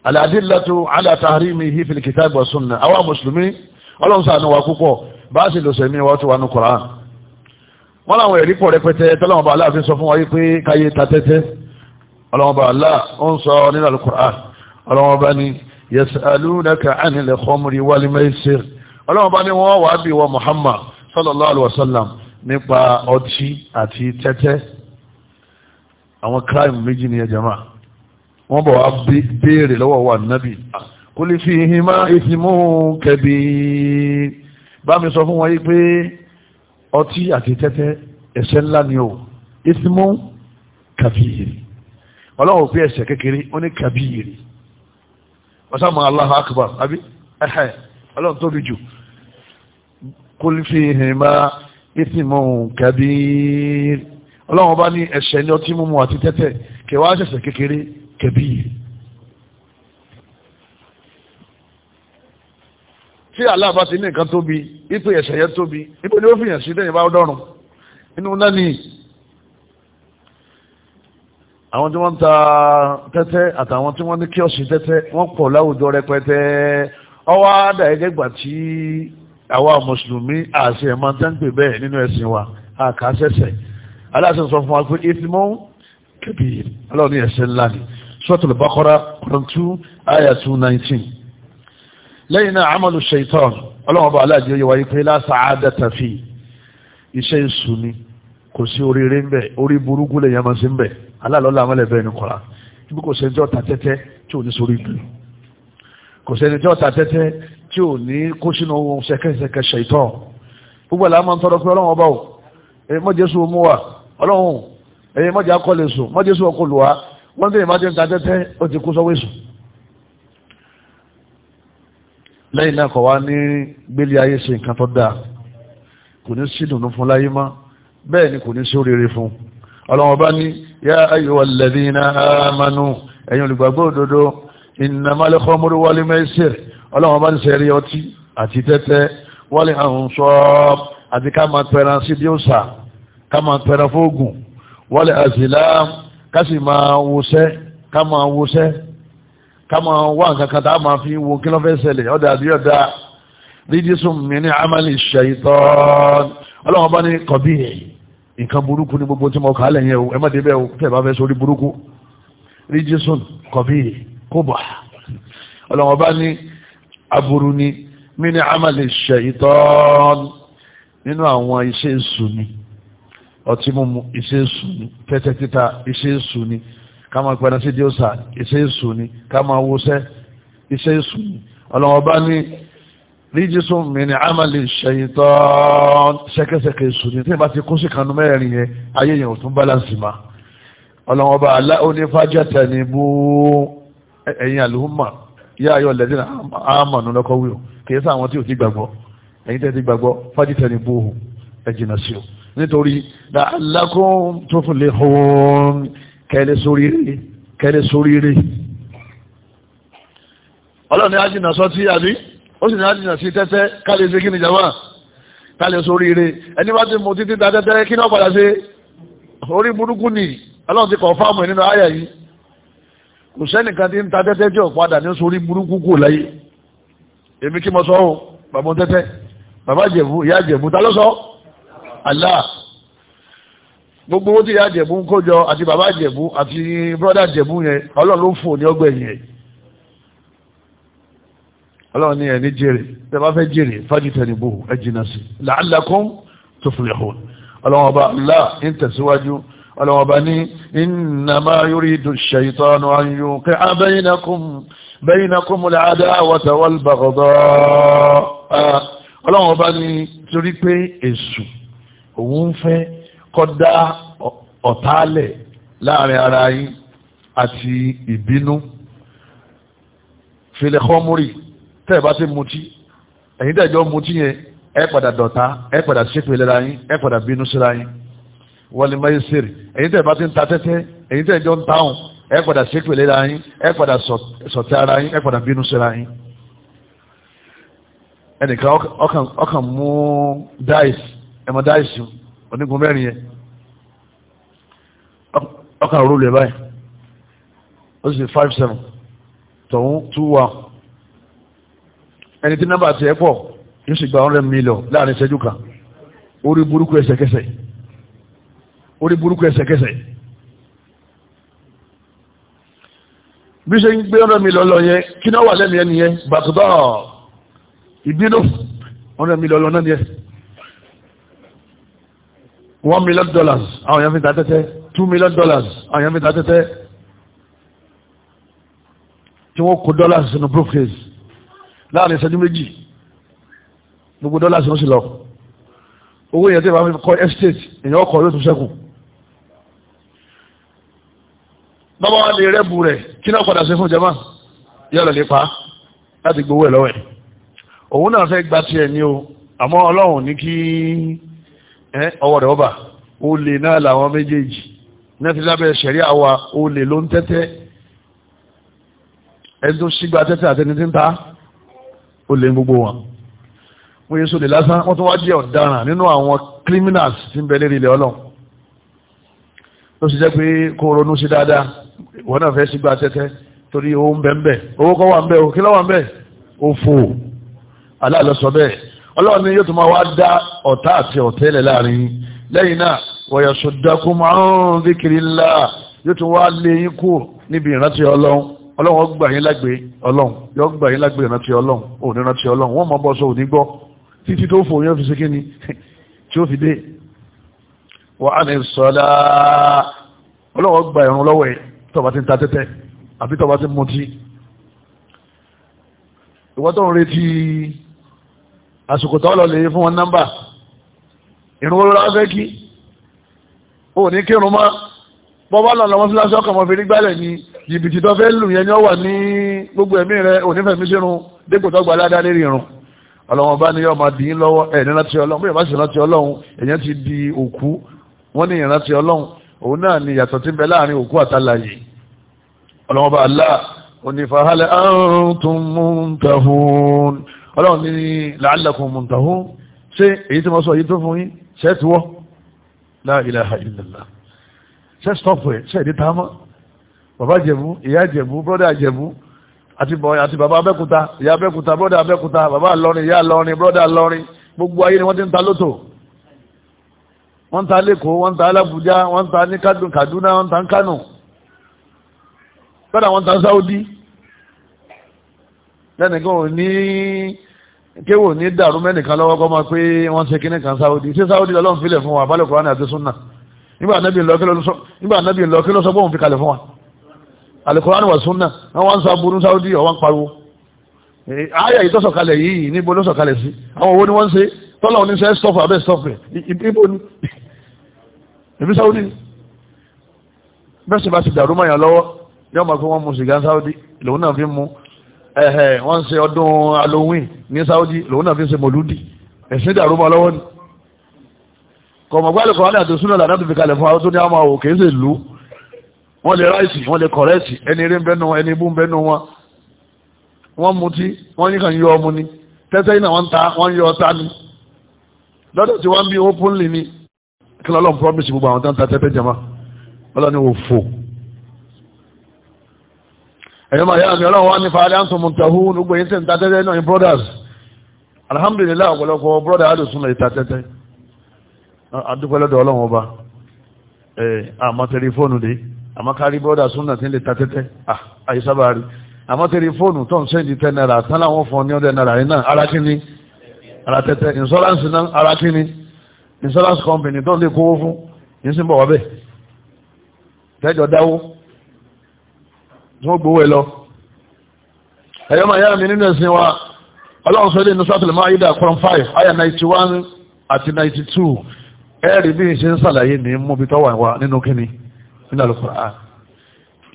aladilatu ala tahrimihi fil kitab wa sunna àwa mùsùlùmí ọlọ́run ṣàánú wa púpọ̀ bá a sì lòsẹ̀mí wa tó wà ní Kùránì wọ́n láwọn ẹ̀rí pọ̀ rẹpẹtẹ tọ́lọ́wọ́n bá aláàfin sọ fún wa wípé káyé ta tẹ́tẹ́ ọlọ́wọ́n bá aláà ó ń sọ nínú alukur'an ọlọ́wọ́n bá ní yas'alunaka 'anil khamri wal maisir ọlọ́wọ́n bá ní wọ́n wàá bí wa Muhammad sallallahu alayhi wa sallam nípa ọtí àti tẹ́tẹ́ àwọn crime méjì bọ̀ wá béèrè lọ́wọ́ wa nábì kul fihima ithmun kabir bá mi sọ fún wọn yìí pé ọtí àti tẹ́tẹ́ ẹ̀ṣẹ̀ ńlá ni o ismu kabiri ọlọ́run fi ẹ̀ṣẹ̀ kékeré ó ní kabiri ọ̀sán máa Allahu akbar àbí ẹ̀hẹ̀ ọlọ́run tóbi jù kul fihima ismun kabiri ọlọ́run bá ní ẹ̀ṣẹ̀ ní ọtí mímu àti tẹ́tẹ́ kẹwàá ṣẹ̀ṣẹ̀ kékeré kabiri. tí Allah bá ti ní nǹkan tóbi ipò ẹ̀ṣẹ̀ yẹn tóbi ipò ni ó fi hàn sí lẹ́yìn bá dọ́rùn inú náà ni àwọn tí wọ́n ń ta tẹ́tẹ́ àtàwọn tí wọ́n ní kíọ̀sì tẹ́tẹ́ wọ́n pọ̀ láwùjọ rẹpẹtẹ ọwọ́ àdá ẹgbẹ́ gbà tí àwa mùsùlùmí àṣẹ ẹ̀ máa ń tẹ́ǹpẹ̀ bẹ́ẹ̀ nínú ẹ̀sìn wa àkàṣẹ̀ṣẹ̀ aláṣẹ sọ fún wa pé ìfimọ́ kẹbìrì ọlọ́run ẹ̀ṣẹ̀ ńlá ni Suratul Baqara Quran two ayah two lẹ́yìn náà amalu shaitan ọlọ́wọ́n bá aláàjẹ́ yẹ wáyé pé la sa'adata fi iṣẹ́ ìsù ni kò sí oríire ń bẹ̀ orí burúkú lè yẹn máa sí ń bẹ̀ aláàlọ́lá amọ́lẹ̀ bẹ́ẹ̀ ni kọ́ra ibi kò sẹ́jọ́ ta tẹ́tẹ́ tí ò ní sórí ìlú kò sẹ́jọ́ ta tẹ́tẹ́ tí ò ní kó sínú ohun sẹ́kẹ́sẹ́kẹ́ shaitan gbogbo àlá máa ń tọrọ pé ọlọ́wọ́n o ẹ̀yin mọ́ jésù mú wa ọlọ́wọ́n ẹ̀yin mọ́ akọ́lẹ̀ sùn mọ́ jésù ọkọ̀ lù wá wọ́n tẹ̀yìn má ń ta tẹ́tẹ́ ó ti kú sọ́wọ́ sùn lẹ́yìn náà kọ̀ wá ní gbélé ayé ṣe nǹkan tó dáa kò ní sí dùnú fún láyé má bẹ́ẹ̀ ni kò ní sí oríire fún ọlọ́wọ́n bá ní yá ayyuhal ladhina amanu ẹ̀yin olùgbàgbọ́ òdodo innamal khamru wal maisir ọlọ́wọ́n bá ní sẹ́rí ọtí àti tẹ́tẹ́ wal ansab àti ká máa pẹran sí bí ó sà ká máa pẹran fóògùn wal azlam ká sì máa wọṣẹ́ ká máa wọṣẹ́ ká máa wá nǹkan kan tá a máa fi wo kí ló fẹ́ ṣẹlẹ̀ ọ̀dà àbí ọ̀dà rídísùn mi ní amali ṣẹ̀yìntàn ọlọ́wọ́n bá ní kọ̀bí yẹn nǹkan burúkú ní gbogbo tí mo kà á lẹ̀ yẹn o ẹ má débẹ̀ o tẹ̀ bá fẹ́ sórí burúkú rídísùn kọ̀bí yẹn kóbà ọlọ́wọ́n bá ní aburú ni mi ní amali ṣẹ̀yìntàn nínú àwọn iṣẹ́ èṣù ni ọtí mímu iṣẹ́ èṣù ni tẹ́tẹ́ títa iṣẹ́ ni ká máa pẹ́ran sí díòsà iṣẹ́ èṣù ni ká máa wọṣẹ́ iṣẹ́ èṣù ni ọlọ́wọ́n bá ní ríjísù mìíràn amálì ṣẹ̀yìntọ́ ṣẹ́kẹ́ṣẹkẹ́ èṣù ni tí ìbá ti kó sí kanú mẹ́rin yẹn ayé yẹn ò tún bálánsì ma ọlọ́wọ́n bá alá onífájẹ́tẹ̀ ní bú ẹ̀yìn àlùmọ́ yá ayọ̀ lẹ́dínà àmọ̀nù lọ́kọ́ wíwò kì í sáwọn tí ò ti gbàgbọ́ ẹ̀yin tẹ́ gbàgbọ́ fájẹ́tẹ̀ ní bú ẹ̀jìnà sí o nítorí làálàkùn tó fún lè hùwọ́n kẹ́lẹ́ sórí rẹ̀ kẹ́lẹ́ sórí rẹ̀ ọlọ́ni ájìnà sọ́tí àbí ó sì ní ájìnà sí tẹ́tẹ́ kálẹ̀ sí kíni jama kálẹ̀ sórí rẹ̀ ẹni bá ti mú títí da tẹ́tẹ́ kí sí orí burúkú ni ọlọ́run ti kọ̀ fáàmù nínú àyà yìí kò nta ti ń ta tẹ́tẹ́ jọ padà ní sórí burúkú kò láyé èmi kí mo sọ o, bàbá tẹ́tẹ́ bàbá jẹ̀bú ìyá jẹ̀bú ta ló sọ gbogbo owó tí ìyá jẹ̀bú ń kójọ àti bàbá jẹ̀bú àti brọ́dà jẹ̀bú yẹn ọlọ́run ló ń fún ní ọgbẹ́ yẹn ọlọ́run ní ẹni jèrè tẹ bá fẹ́ jèrè fájìtẹ̀lì bò ẹ jìnnà sí la'allakum tuflihun ọlọ́run ọba là ń tẹ̀síwájú ọlọ́run ọba ní innama yuridu shaytanu an yuqi'a bainakum bainakum al-adawata wal ọlọ́run ọba ní torí pé èṣù òun fẹ́ kọ́dá ọ̀tálẹ̀ láàrin ara yín àti ìbínú filẹ̀kọ́múrì tẹ́ẹ̀ bá ti mutí ẹ̀yin tẹ́ẹ̀jọ́ mutí yẹn ẹ padà dọ̀tá ẹ padà ṣépè lẹ́ra yín ẹ padà bínú síra yín wọlé mẹ́sẹ̀rì ẹ̀yin tẹ́ẹ̀ bá ti ń ta tẹ́tẹ́ ẹ̀yin tẹ́ẹ̀jọ́ ń táwọn ẹ padà ṣépè lẹ́ra yín ẹ padà sọ̀tẹ́ ara yín ẹ padà bínú síra yín ẹnìkan ọkàn mú dáìsì ẹ̀mọ dáìsì onígun mẹ́rin yẹn ọkà rúlù ẹ̀ báyìí ó sì five seven tọ̀hún two one ẹni tí nọ́mbà tiẹ̀ pọ̀ yóò sì gba hundred million láàrin ìṣẹ́jú kan orí burúkú ẹsẹ̀kẹsẹ̀ orí burúkú ẹsẹ̀kẹsẹ̀ bí ṣe ń gbé hundred million lọ yẹn kí náà wà lẹ́nu yẹn nìyẹn bàtúbà ìbínú hundred million lọ náà yẹn one million dollars àwọn èèyàn fi ta tẹ́tẹ́ two million dollars àwọn èèyàn fi ta tẹ́tẹ́ tí wọ́n kó dollars sínú brokerage láàrin ìṣẹ́jú méjì gbogbo dollars ló sì lọ owó yẹn tí wọ́n fi kọ́ estate èèyàn ọkọ̀ yóò tún ṣẹ́kù bàbá wa lè rẹ́bù rẹ̀ kí náà padà sí fún jama yóò lọ lè pa láti gbowó ẹ̀ lọ́wọ́ ẹ̀ òun náà fẹ́ gba tiẹ̀ ni o àmọ́ ọlọ́run ní kí ọwọ́ rẹ̀ ọba ó lè náà làwọn méjèèjì náà ti lábẹ́ ṣẹ̀rí àwa ó lè ló ń tẹ́tẹ́ ẹni tó ṣígbà tẹ́tẹ́ àtẹni tí ń ta ó lè gbogbo wọn wọ́n yé sólè lásán wọ́n tó wá jẹ́ ọ̀daràn nínú àwọn criminals tí ń bẹ lérí ilẹ̀ ọlọ́run ló sì jẹ́ pé kó ronú sí dáadáa wọ́n náà fẹ́ ṣígbà tẹ́tẹ́ torí owó ń bẹ ń bẹ owó kọ́ wà ń bẹ òkè lọ́wọ́ ń bẹ òfò aláàlọ́sọ bẹ́ẹ̀ ọlọ́run ni yóò tún máa wá dá ọ̀tá àti ọ̀tẹ́lẹ̀ láàrin lẹ́yìn náà wọ̀yà ṣọ̀dákùn márùn-ún díkiri ńlá yóò tún wá lé yín kú níbi ìrántí ọlọ́run ọlọ́run gbà yín lágbè ọlọ́run yóò gbà yín lágbè ìrántí ọlọ́run òun ìrántí ọlọ́run wọ́n mọ bọ́ sọ òní gbọ́ títí tó fò yẹn fi ṣe kíni *laughs* tí ó fi dé wọ́n ní sọ́lá ọlọ́run gbà ìrun lọ́wọ́ ẹ̀ àsìkò tó lọ lè yí fún wọn nọ́mbà ìrún fẹ́ kí ó ní kírun mọ́ bọ́bá lọ́nà wọn fúláṣí ọkọ̀ fi rí ní jìbìtì tó fẹ́ lù yẹn ni ó wà ní gbogbo ẹ̀mí rẹ onífẹ̀mí sírun dípò tó gba aládá lérí irun ọlọ́wọ́n bá ní yọ máa dín lọ́wọ́ ẹ̀ ní láti ọlọ́run bí ti di òkú wọ́n ní ìrántí ọlọ́run òun náà ni yàtọ̀ tí ń bẹ láàrin òkú àtàlàyé ọlọ́wọ́n bá ọlọ́run ní làálàkùn mùtàhún ṣé èyí tí wọ́n sọ yìí tó fún yín ṣẹ́ẹ̀tìwọ́ láìláha ìlàlá ṣẹ́ẹ̀tọ́pù ẹ̀ ṣẹ́ẹ̀dí támọ́ bàbá jẹ̀bú ìyá jẹ̀bú bọ́dà jẹ̀bú àti bàbá abẹ́kúta ìyá abẹ́kúta bọ́dà abẹ́kúta bàbá lọrin ìyá lọrin bọ́dà lọrin gbogbo ayé ni wọ́n ti ń ta lótò wọ́n ń ta lẹ́kọ̀ọ́ wọ́n ń ta alábùjá wọ́n ta ní Kaduna wọ́n ta ń ta tẹ́nìkan ò ní kéwò ní dàrú mẹ́nìkan lọ́wọ́ kọ́ máa pé wọ́n ṣe kíní kan sáwọ́dì ṣé sáwọ́dì lọ́lọ́run filẹ̀ fún wa abálẹ̀ kúránì àti súnà nígbà anábì lọ kí ló sọ pé òun fi kalẹ̀ fún wa alìkúránì wà súnà wọ́n wá ń sọ aburú sáwọ́dì ọ̀wọ́n pariwo ayé yìí tó sọ̀kalẹ̀ yìí níbo ló sọ̀kalẹ̀ sí àwọn owó ni wọ́n ń ṣe tọ́lọ̀ ní sẹ́ stọ́fù abẹ́ stọ́fù ìbò ní ìbí sáwọ́dì bẹ́ẹ̀ sì bá ti dàrú mọ́yàn lọ́wọ́ yọ́ ẹ̀hẹ̀ wọ́n ń se ọdún halloween ní saudi lòun náà fi ń ṣe mọ̀lúdì ẹ̀sìn dàrú mọ́ lọ́wọ́ ni kọ̀mọ̀gbálẹ̀ kọ̀ọ̀lẹ́ àti súnà lànà tó fi kalẹ̀ fún àwọn tó ní àwọn àwò kìí ṣe ìlú wọ́n lè ráìsì wọ́n lè kọ̀rẹ́sì ẹni eré ń bẹ́nu wọn ẹni ibú ń bẹ́nu wọn wọ́n mutí wọ́n ní kàn yọ ọmú ni tẹ́tẹ́ iná wọn ta wọ́n yọ ọta ni lọ́dọ̀ tí wọ́n bí openly ni kí lọ́lọ́run promise gbogbo ẹ̀yọ́ máa yára mi ní fàálẹ́ àtúntò tàhún yìí tẹ̀ ń tatẹ́tẹ́ náà ní brothers alhamdulillah ọ̀pọ̀lọpọ̀ brother adùsùn náà ìtatẹ́tẹ́ adúpẹ́lẹ́dọ̀ ọlọ́run ọba àmọ́ tẹlifóònù dé àmọ́ kárí brother súnà tí ń lè tatẹ́tẹ́ àyíṣábàárí àmọ́ tẹlifóònù tó ń sẹ́ndì tẹ́ náírà tán láwọn fún ní ọdẹ náírà iná ara kíní tí wọ́n gbowó ẹ lọ ẹ̀yọ́ máa yá mi nínú ẹ̀sìn wa ọlọ́run sọ́dẹ̀ inú sátìlẹ̀ máa yídà kọ́rọ̀ 5 àyà 91 àti 92 ẹ̀rì bí i ṣe ń sàlàyé ní mú bí tọ́wà wa nínú kíni nínú Al-Qur'an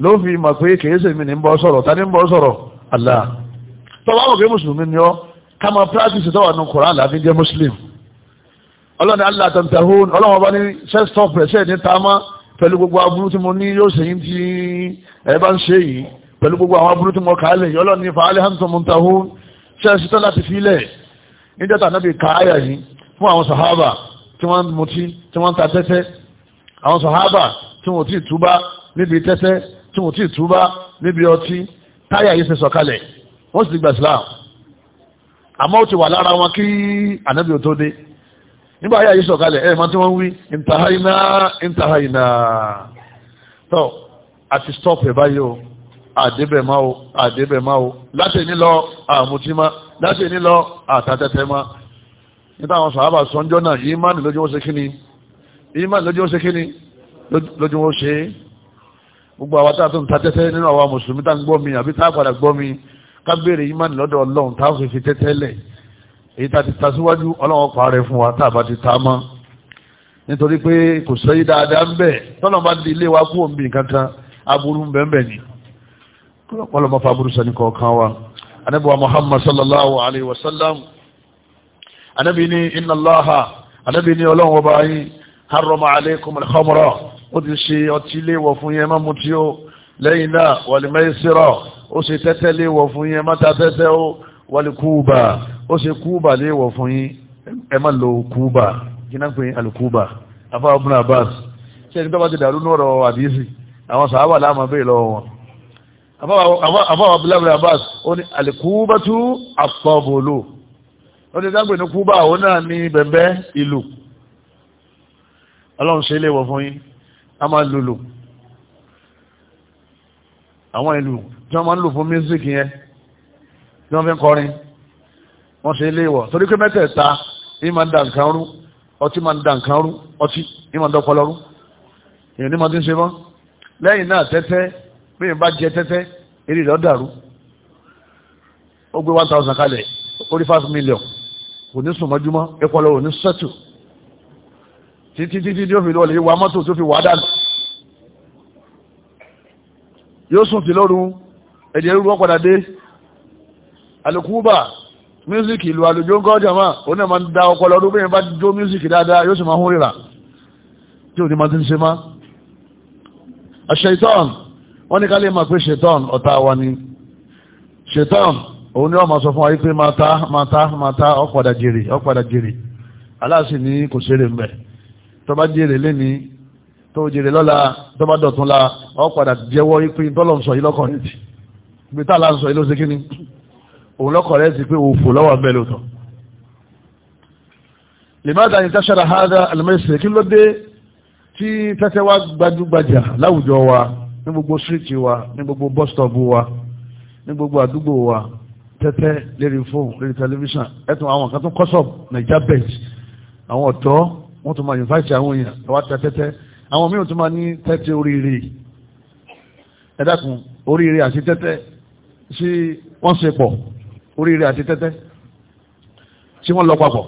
ló fi mọ̀ pé kèése mi ní ń bọ́ sọ̀rọ̀ ta ní ń bọ́ sọ̀rọ̀ Allah tọ́wọ́ àwọn kí mùsùlùmí ni ọ́ ká máa practice tọ́wà nínú Qur'an láti jẹ́ muslim ọlọ́run Allah tantahun ọlọ́run ọba ní sẹ́stọ̀pẹ̀ sẹ́ẹ̀ ní tamá pẹ̀lú gbogbo aburú tí mo ní yóò ṣe yín tí ẹ bá ń ṣe yìí pẹ̀lú gbogbo àwọn aburú tí mo kà á lẹ̀ yọ́lọ́ ní fàálẹ̀ hansom muntahu ṣẹ́ẹ̀ṣì tán láti filẹ̀ níjọ́ta náà bí káyà yìí fún àwọn sàhábà tí wọ́n ń mutí tí wọ́n ń ta tẹ́tẹ́ àwọn sàhábà tí wọ́n ti túbá níbi tẹ́tẹ́ tí wọ́n ti túbá níbi ọtí táyà yìí ṣe sọ̀kalẹ̀ wọ́n sì ti gbà sílá àmọ́ ó ti wà lára wọn kí ànábì ò tó dé nígbà ayé ayé sọ̀kalẹ̀ ẹ̀ máa tí wọ́n ń wí ìntàháìnà ìntàháìnà tó àti stop ẹ̀ báyìí o àdébẹ̀ máa o àdébẹ̀ máa o láti ní lọ àmútí má láti ní lọ àtàtẹ́tẹ́ má nígbà àwọn sàhábà sọ́njọ́ náà yìí má ní lójú wọn ṣe kíni yìí má ní lójú wọn ṣe kíni lójú wọn ṣe gbogbo àwọn táà tó ń ta tẹ́tẹ́ nínú àwọn mùsùlùmí tá ń gbọ́ mi àbí tá a padà gbọ́ mi ká béèrè yìí má ní lọ́dọ̀ ọlọ́run táà fi fi tẹ́tẹ́ lẹ̀ èyí tá ti ta síwájú ọlọ́wọ́ parẹ́ fún wa tá a bá ti ta mọ́ nítorí pé kò sẹ́yí dáadáa ń bẹ̀ tọ́nà bá di ilé wa kú òǹbì kankan aburú ń bẹ́ẹ̀ ni kọ́lọ́ máa fa aburú sani kọ̀ọ̀kan wa anabi wa muhammad sallallahu alayhi wa sallam anabi ni inna allaha anabi ni ọlọ́wọ́ bá yín harrama alaykum al ó ti ṣe ọtí léèwọ̀ fún yẹn má mutí o lẹ́yìn náà wal ó ṣe tẹ́tẹ́ léèwọ̀ fún yẹn má ta tẹ́tẹ́ o wal ó ṣe kúbà léèwọ̀ fún yín ẹ má lo kúbà jìnnà pé alùkúbà afáwọn ibn Abbas ṣe ẹni tó bá ti dàrú lọ́rọ̀ àdìsí àwọn sàábà láàmà bẹ́ẹ̀ lọ́wọ́ wọn afáwọn abúlábìlá Abbas ó ní alùkúbà tú àtọ̀bọ̀lò ó ní dágbé ní kúbà òun náà ní bẹ̀m̀bẹ̀ ìlú ọlọ́run ṣe léèwọ̀ fún yín a lòlò àwọn ìlú tí wọ́n máa ń lò fún music yẹn tí wọ́n fi ń kọrin wọ́n ṣe ilé wọ̀ torí pé mẹ́tẹ̀ẹ̀ta ní máa ń da nǹkan rú ọtí máa ń da nǹkan rú ọtí ní máa ń dọ́pọ̀ lọ́rú èèyàn ní máa ti ń ṣe mọ́ lẹ́yìn náà tẹ́tẹ́ bí èèyàn bá jẹ tẹ́tẹ́ eré rẹ̀ dàrú ó gbé one thousand kalẹ̀ orí five million kò ní sùn mọ́júmọ́ ẹ̀kọ́lọ́ ò ní sẹ́tù títí títí tí ó fi lọ́ọ̀lẹ̀ wa mọ́tò tó fi wà dànù yóò sùn ti lọ́rùn ẹ̀jẹ̀ rúrú ọ̀padà dé àlùkùbà mísíkì ìlú àlùjọ ń kọ́ jàmá ó náà máa ń da ọpọlọ ọdún bẹ́yẹn bá jó mísíkì dáadáa yóò sì máa hún ríra tí ò ní máa ti ń ṣe má. àṣetán wọ́n ní ká lè máa pé ṣetán ọ̀tá wa ni ṣetán òun ni wọ́n máa sọ fún wa yìí pé máa ta máa ta máa ta ọ̀padà jèrè ọ̀padà jèrè aláàsì ní kò ṣeré mbẹ̀ tó bá jèrè lẹ́ni tó jèrè lọ́la tó bá dọ̀tún la ọ̀padà jẹ́wọ́ yìí pé tọ́lọ̀ òun lọ́kọ̀ rẹ̀ sí pé òfò lọ́wọ́ bẹ́ẹ̀ lóòótọ́ lèmọ́dà yìí táṣára hádà alimẹ́sẹ̀ kí ló dé tí tẹ́tẹ́ wá gbajúgbajà láwùjọ wa ní gbogbo síríìtì wa ní gbogbo bọ́sítọ̀bù wa ní gbogbo àdúgbò wa tẹ́tẹ́ lérí fóònù lérí tẹlifíṣàn ẹ̀tún àwọn kan tó kọ́sọ̀bù nàìjà bẹ́ẹ̀t àwọn ọ̀dọ́ wọ́n tún máa yìnfàṣẹ àwọn èèyàn wá tẹ tẹ́tẹ́ àwọn míì tún máa ní tẹ́tẹ́ oríire ẹ oríire àti tẹ́tẹ́ sí wọ́n ṣe pọ̀ oríire àti tẹ́tẹ́ tí wọ́n lọ papọ̀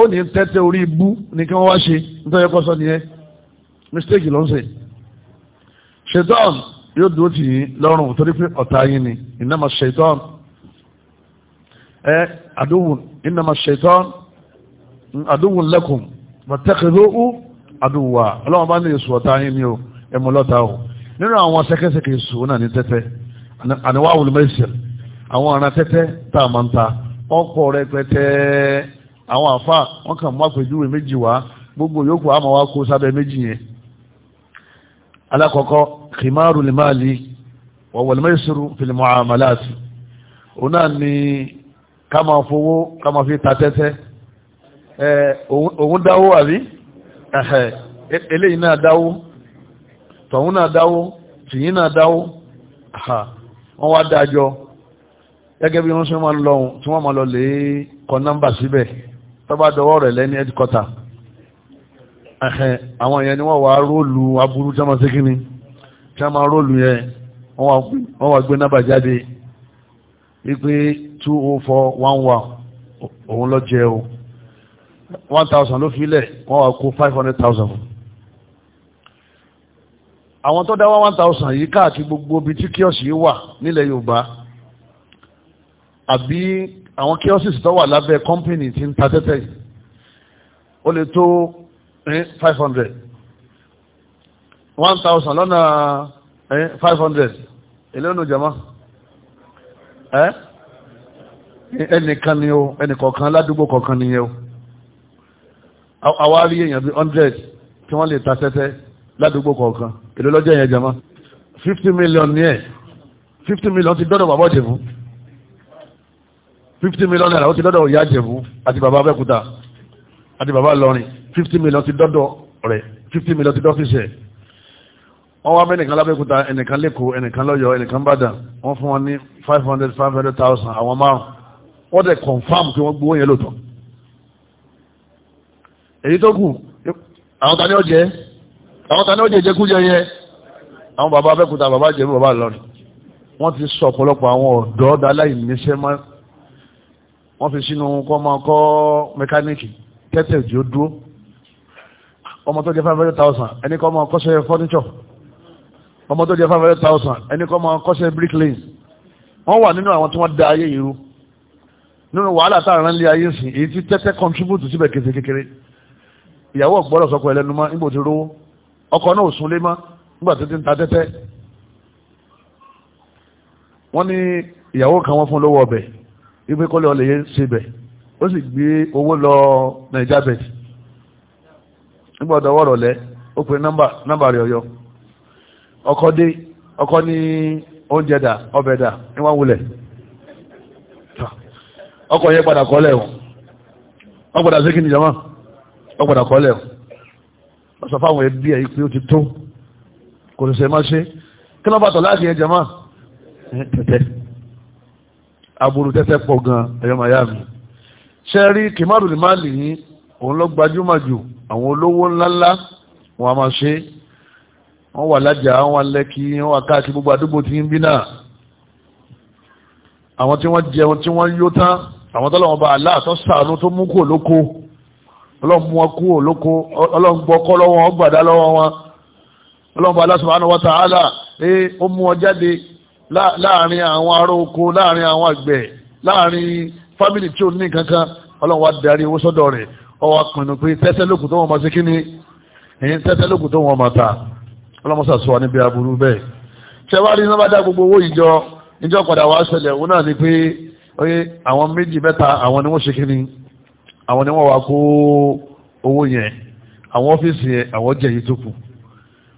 ó ní tẹ́tẹ́ orí ibú ní kí wọ́n wá ṣe nítorí ẹ̀kọ́ sọ nìyẹn mistake ló ń ṣe ṣetán yóò dúró tì yín lọ́rùn torí pé ọ̀tá yín ni ìnáma ṣetán ẹ àdúhùn ìnáma ṣetán àdúhùn lẹ́kùn bàtẹ́kẹ̀ló ó àdúhùwà ọlọ́wọ́n bá ní èso ọ̀tá yín ni o ẹ̀mú lọ́ta o nínú àwọn sẹ́kẹ́sẹ́kẹ́ èso náà ní tẹ́tẹ́ àníwá wùlùmẹ́sẹ̀rẹ̀ àwọn aràn tẹ́tẹ́ tá a máa ń ta ọkọ̀ rẹpẹtẹ àwọn àfa wọn kàn mú àpèjúwe méjì wá gbogbo yòókù àmọ́ wa kó sábẹ́ méjì yẹn alákọ̀ọ́kọ́ kìmáàrù lè máa lè wọ̀wọ̀lẹ́mẹ́sìrù fìlìmọ̀ àmàláàtì òun náà ni ká máa fowó ká máa fi ta tẹ́tẹ́ òun dáwó àrí eléyìí náà dáwó tọ̀hún náà dáwó tìyín náà dáwó wọ́n wá dájọ́ gẹ́gẹ́ bí wọ́n ṣe máa lọ tí wọ́n máa lọ lè kọ nọ́mbà síbẹ̀ tó dọwọ́ rẹ̀ lẹ́ni ẹ́dìkọ́ta àwọn èèyàn ni wọ́n wá róòlù aburú tí wọ́n máa ṣe kí ni tí wọ́n máa róòlù yẹn wọ́n wá gbé nọ́mbà jáde wípé two oh four one one òun lọ jẹ o one thousand ló filẹ̀ wọ́n wá kó five hundred thousand àwọn tó dá wá one thousand yìí káàkiri gbogbo ibi tí kíọ̀sì wà nílẹ̀ Yorùbá àbí àwọn kíọ́sìs tó wà lábẹ́ kọ́mpìnì tí ń ta tẹ́tẹ́ yìí ó lè tó five hundred one thousand lọ́nà five hundred èlé ònà jama ẹnìkan ni o ẹnìkọ̀ọ̀kan ládùúgbò kọ̀ọ̀kan ni yẹ o àwa rí èèyàn bíi hundred tí wọ́n lè ta tẹ́tẹ́ ládùúgbò kọ̀ọ̀kan èlé lọ́jọ́ yẹn jama fifty million ní ẹ̀ fifty million ti dọ́dọ̀ bàbá ọ̀jẹ̀ fún fifty million naira ó ti dọ́dọ̀ ìyá jẹ̀bú àti bàbá abẹ́kúta àti bàbá lọrin fifty million ti dọ́dọ̀ rẹ̀ fifty million ti dọ́fíìsì ẹ̀ wọ́n wá mẹ́nìkan lábẹ́kúta ẹnìkan lẹ́kọ̀ọ́ ẹnìkan lọ́yọ̀ ẹnìkan bàdàn wọ́n fún wọn ní five hundred five hundred thousand àwọn márùn wọ́n dẹ̀ confam pé wọ́n gbowó yẹn lóòótọ́ èyí tó kù àwọn tani ó jẹ àwọn tani ó jẹ jẹkújẹ yẹ àwọn bàbá abẹ́kúta bàbá jẹ̀bú bàbá lọrin wọ́n ti sọ ọ̀pọ̀lọpọ̀ àwọn ọ̀dọ́ dáláì níṣẹ́ máa wọ́n fi sínú kọ́ máa kọ́ mẹkáníìkì kẹ́tẹ̀ tí ó dúró ọmọ tó jẹ́ five hundred thousand ẹni kọ́ máa kọ́ṣẹ́ furniture ọmọ tó jẹ́ five hundred thousand ẹni kọ́ máa kọ́ṣẹ́ bricklaying wọ́n wà nínú àwọn tí wọ́n da ayé yìí rú nínú wàhálà táàrán lé ayé sìn èyí tí tẹ́tẹ́ contribute síbẹ̀ kése kékeré ìyàwó ọ̀gbọ́dọ̀ sọ́kọ ẹlẹ́nu mọ́ nígbà tí rówó ọkọ náà ò súnlé mọ́ nígbà tí ti ń ta tẹ́tẹ́ wọ́n ní ìyàwó kan wọ́n fún lówó ọbẹ̀ ipe kọ́lẹ̀ ọ̀lẹ̀ yẹn ṣe bẹ̀ ó sì gbé owó lọ na bẹ̀ nígbà ọ̀dọ̀ ọwọ́ rọ̀lẹ́ ó pe nọ́mbà rẹ̀ ọ̀yọ́ ọkọ dé ọkọ ní oúnjẹ dà ọbẹ̀ dà ní wọ́n wulẹ̀ ọkọ yẹn padà kọ́lẹ̀ o wọ́n padà sí kí ni wọ́n padà kọ́lẹ̀ o wọ́n sọ fáwọn ẹbí ẹ̀ pé ti tó kò ṣe ṣe kí ló bá tọ̀ láti yẹn jama aburú tẹ́tẹ́ pọ̀ gan ẹ̀yọ́ miami ṣẹ́rí kìmáàrù ní máàlì yìí òun lọ gbajúmọ̀ jù àwọn olówó ńláńlá wọn a máa ṣe wọ́n wà lájà wọ́n wà lẹ́kì wọ́n wà káàkiri gbogbo àdúgbò tí ń bí náà àwọn tí wọ́n jẹun tí wọ́n yó tán àwọn tọ́lọ́wọ́n bá aláàtọ́ sàánú tó mú kò lóko ọlọ́run wọn kúrò lóko ọlọ́run gbọ́kọ́ lọ́wọ́ wọn gbàdá lọ́wọ́ wọn ọlọ́run láàrin àwọn ará oko láàrin àwọn àgbẹ̀ láàrin fámìlì tí ò ní kankan ọlọ́run darí owó sọ́dọ̀ rẹ̀ ọwọ́ pinnu pé tẹ́tẹ́ lókun tó wọ́n máa ṣe kí ni ẹ̀yìn tẹ́tẹ́ lókun tó wọ́n máa ta ọlọ́run sàṣọ níbi aburú bẹ́ẹ̀ ṣe wá rí nọ́bàdá gbogbo owó ìjọ ìjọ padà wá ṣẹlẹ̀ òun náà ni pé oye àwọn méjì mẹ́ta àwọn ni wọ́n ṣe kí ni àwọn ni wọ́n wá kó owó yẹn àwọn ọ́fíìsì yẹn àwọn jẹ̀yìn tó kù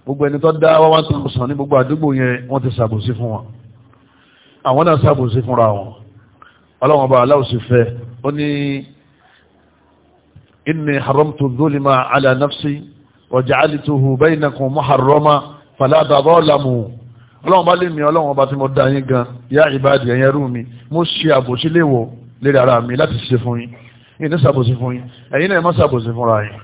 gbogbo ẹni tó dá wá wá tó sàn ní gbogbo àdúgbò yẹn wọ́n ti ṣàbòsí fún wọn àwọn náà sábòsí fúnra wọn ọlọ́wọ́n bá aláwọ̀ sí fẹ́ ó ní inni haramtu dhulma ala nafsi wa ja'altuhu bainakum muharrama fala tadhalamu ọlọ́wọ́n bá lè mi ọlọ́wọ́n bá ti mọ̀ dá yín gan ya ibadi ẹ̀yẹ rú mi mo ṣe àbòsí léwọ̀ lérí ara mi láti ṣe fún yín yìí ní ṣàbòsí fún yín ẹ̀yin náà má ṣàbòsí fúnra yín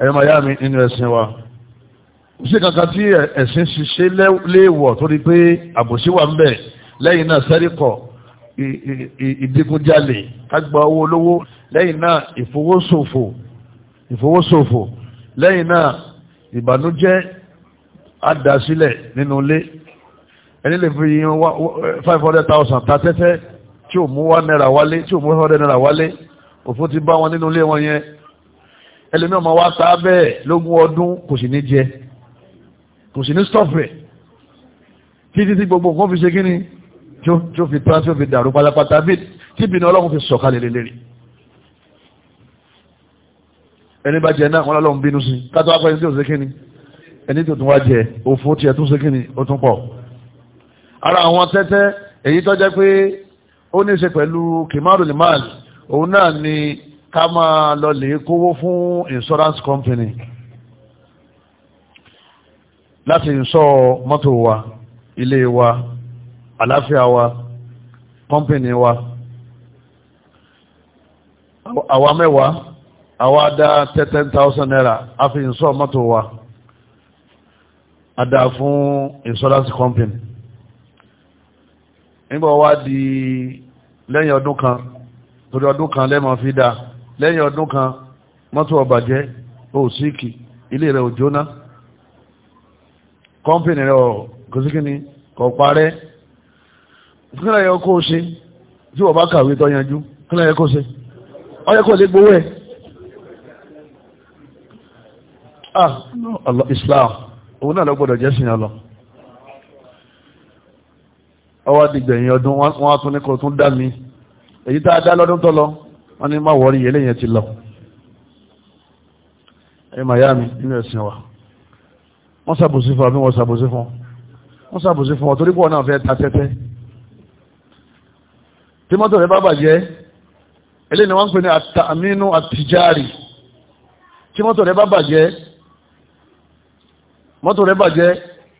ẹ̀yọ́ màyá mi nínú ẹ̀sìn wa kò sí kankan tí ẹ̀sìn ṣiṣẹ́ léèwọ̀ torí pé àbòsí wà ń bẹ̀ lẹ́yìn náà sẹ́ríkọ̀ ìdígunjalè kágbà owó olówó lẹ́yìn náà ìfowóṣòfò ìfowóṣòfò lẹ́yìn náà ìbànújẹ́ àdásílẹ̀ nínú ilé ẹni lè fi five hundred thousand ta tẹ́tẹ́ tí ò mú one naira wálé tí ò mú one hundred naira wálé òfin ti bá wọn nínú ilé wọn yẹn ẹlẹ́mìí ọmọ wa ta bẹ́ẹ̀ lógún ọdún kò sì ní jẹ kò sí ní stọ́ọ̀fẹ̀ títí tí gbogbo nǹkan fi ṣe kíni tí ó fi tán tí ó fi dàrú pátápátá bí tí ìbínú ọlọ́run fi sọ̀kalẹ̀ lélẹ́rìí ẹni bá jẹ náà wọn lọ́lọ́run bínú sí kátó wá tí ò ṣe kíni ẹni tó tún wá jẹ òfò tiẹ̀ tún ṣe kíni ó tún pọ̀ ara àwọn tẹ́tẹ́ èyí tó jẹ́ pé ó ní í ṣe pẹ̀lú kimaru limal òun náà ni ká máa lọ lè kówó fún insurance company láti sọ mọ́tò wa ilé wa àláfíà wa kọ́mpìnì wa àwa mẹ́wàá àwa dá ten thousand naira a fi sọ mọ́tò wa a dá fún insurance company nígbà wá di lẹ́yìn ọdún kan torí ọdún kan lẹ́mọ̀ fi dá lẹ́yìn ọdún kan mọ́tò ó bàjẹ́ ó síkì ilé rẹ̀ ò jóná kọ́mpìnì rẹ̀ kò sí kíni kò parẹ́ kílẹ̀ yẹ kó o ṣe tí wọ́n bá kàwé tó yanjú kílẹ̀ yẹ kó o ṣe ọ yẹ kó o lè gbowó ẹ̀ ah Allah Islam òun náà lọ gbọ́dọ̀ jẹ́ sìn ọlọ ọwọ́ dìgbẹ̀yìn ọdún wọ́n á tún ní kò tún dá mi èyí tá a dá lọ́dún tó lọ wọ́n ní má wọ́rí eléyẹn ti lọ ẹ màyá mi nínú ẹ̀sìn wa wọ́n ṣàbòsí fún àbí wọ́n ṣàbòsí fún wọ́n ṣàbòsí fún ọ̀tọ́rí pọ̀ náà fẹ́ ta tẹ́tẹ́ tí mọ́tò rẹ̀ bá bàjẹ́ eléyìí ni wọ́n ń pè ní àtàmínú àtìjáàrì tí mọ́tò rẹ̀ bá bàjẹ́ mọ́tò rẹ̀ bàjẹ́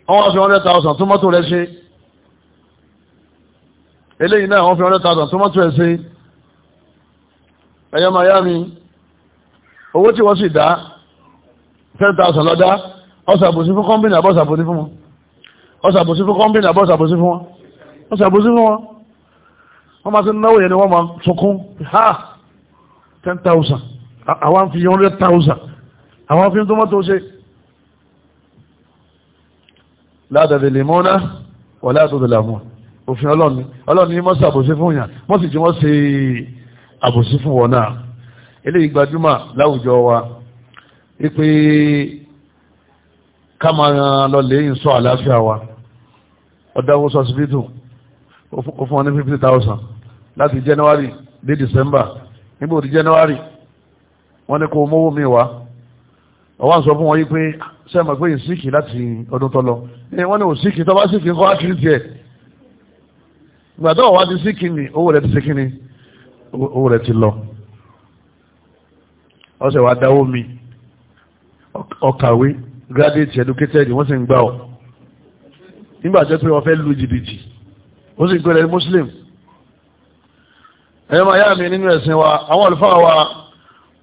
wọ́n wá fi hundred thousand tún mọ́tò rẹ̀ ṣe eléyìí náà wọ́n fi hundred thousand tún mọ́tò rẹ̀ ṣe ẹ̀yọ́ miami owó tí wọ́n sì dá ten thousand lọ́dá ọ̀sàbòsí fún kọ́mbìnì àbọ̀sàbòsí fún wọn ọ̀sàbòsí fún kọ́mbìnì àbọ̀sàbòsí fún wọn ọ̀sàbòsí fún wọn wọ́n máa ti náwó yẹn ni wọ́n máa sunkún ha ten thousand àwọn fi yẹn hundred thousand àwọn fi tó mọ́tò ṣe látàdé lèmọ́nà wà látàdé làmọ́ òfin ọlọ́ni ọlọ́ni mọ́ sí àbòsí fún yàn mọ́ sì jí wọ́n sí àbòsí fún wọn náà eléyìí gbajúmọ̀ láwùjọ wa wípé ká máa lọ lè ń sọ àlàáfíà wa ọ̀dáwó sọ́sibítù ó fún wọn ní fifty thousand láti January dé December níbo di January wọ́n ní kó mówó mi wá ọwọ́n sọ fún wọn yí pé sẹ́mọ̀ pé ìsíkì láti ọdún tó lọ ní wọ́n ní òsíkì tó bá síkì ń kọ́ ákìrìtì ẹ̀ gbàdọ́ wá ti síkì ni owó rẹ̀ ti síkì ni owó rẹ̀ ti lọ ọ̀sẹ̀ wàá dáwó mi ọkàwé graduate educated wọ́n sì ń gbá ọ nígbà tó pé wọ́n fẹ́ lu jìbìtì ó sì ń pèrè muslim ẹ̀yọ́ máa yára mi nínú ẹ̀sìn wa àwọn àlùfáà wa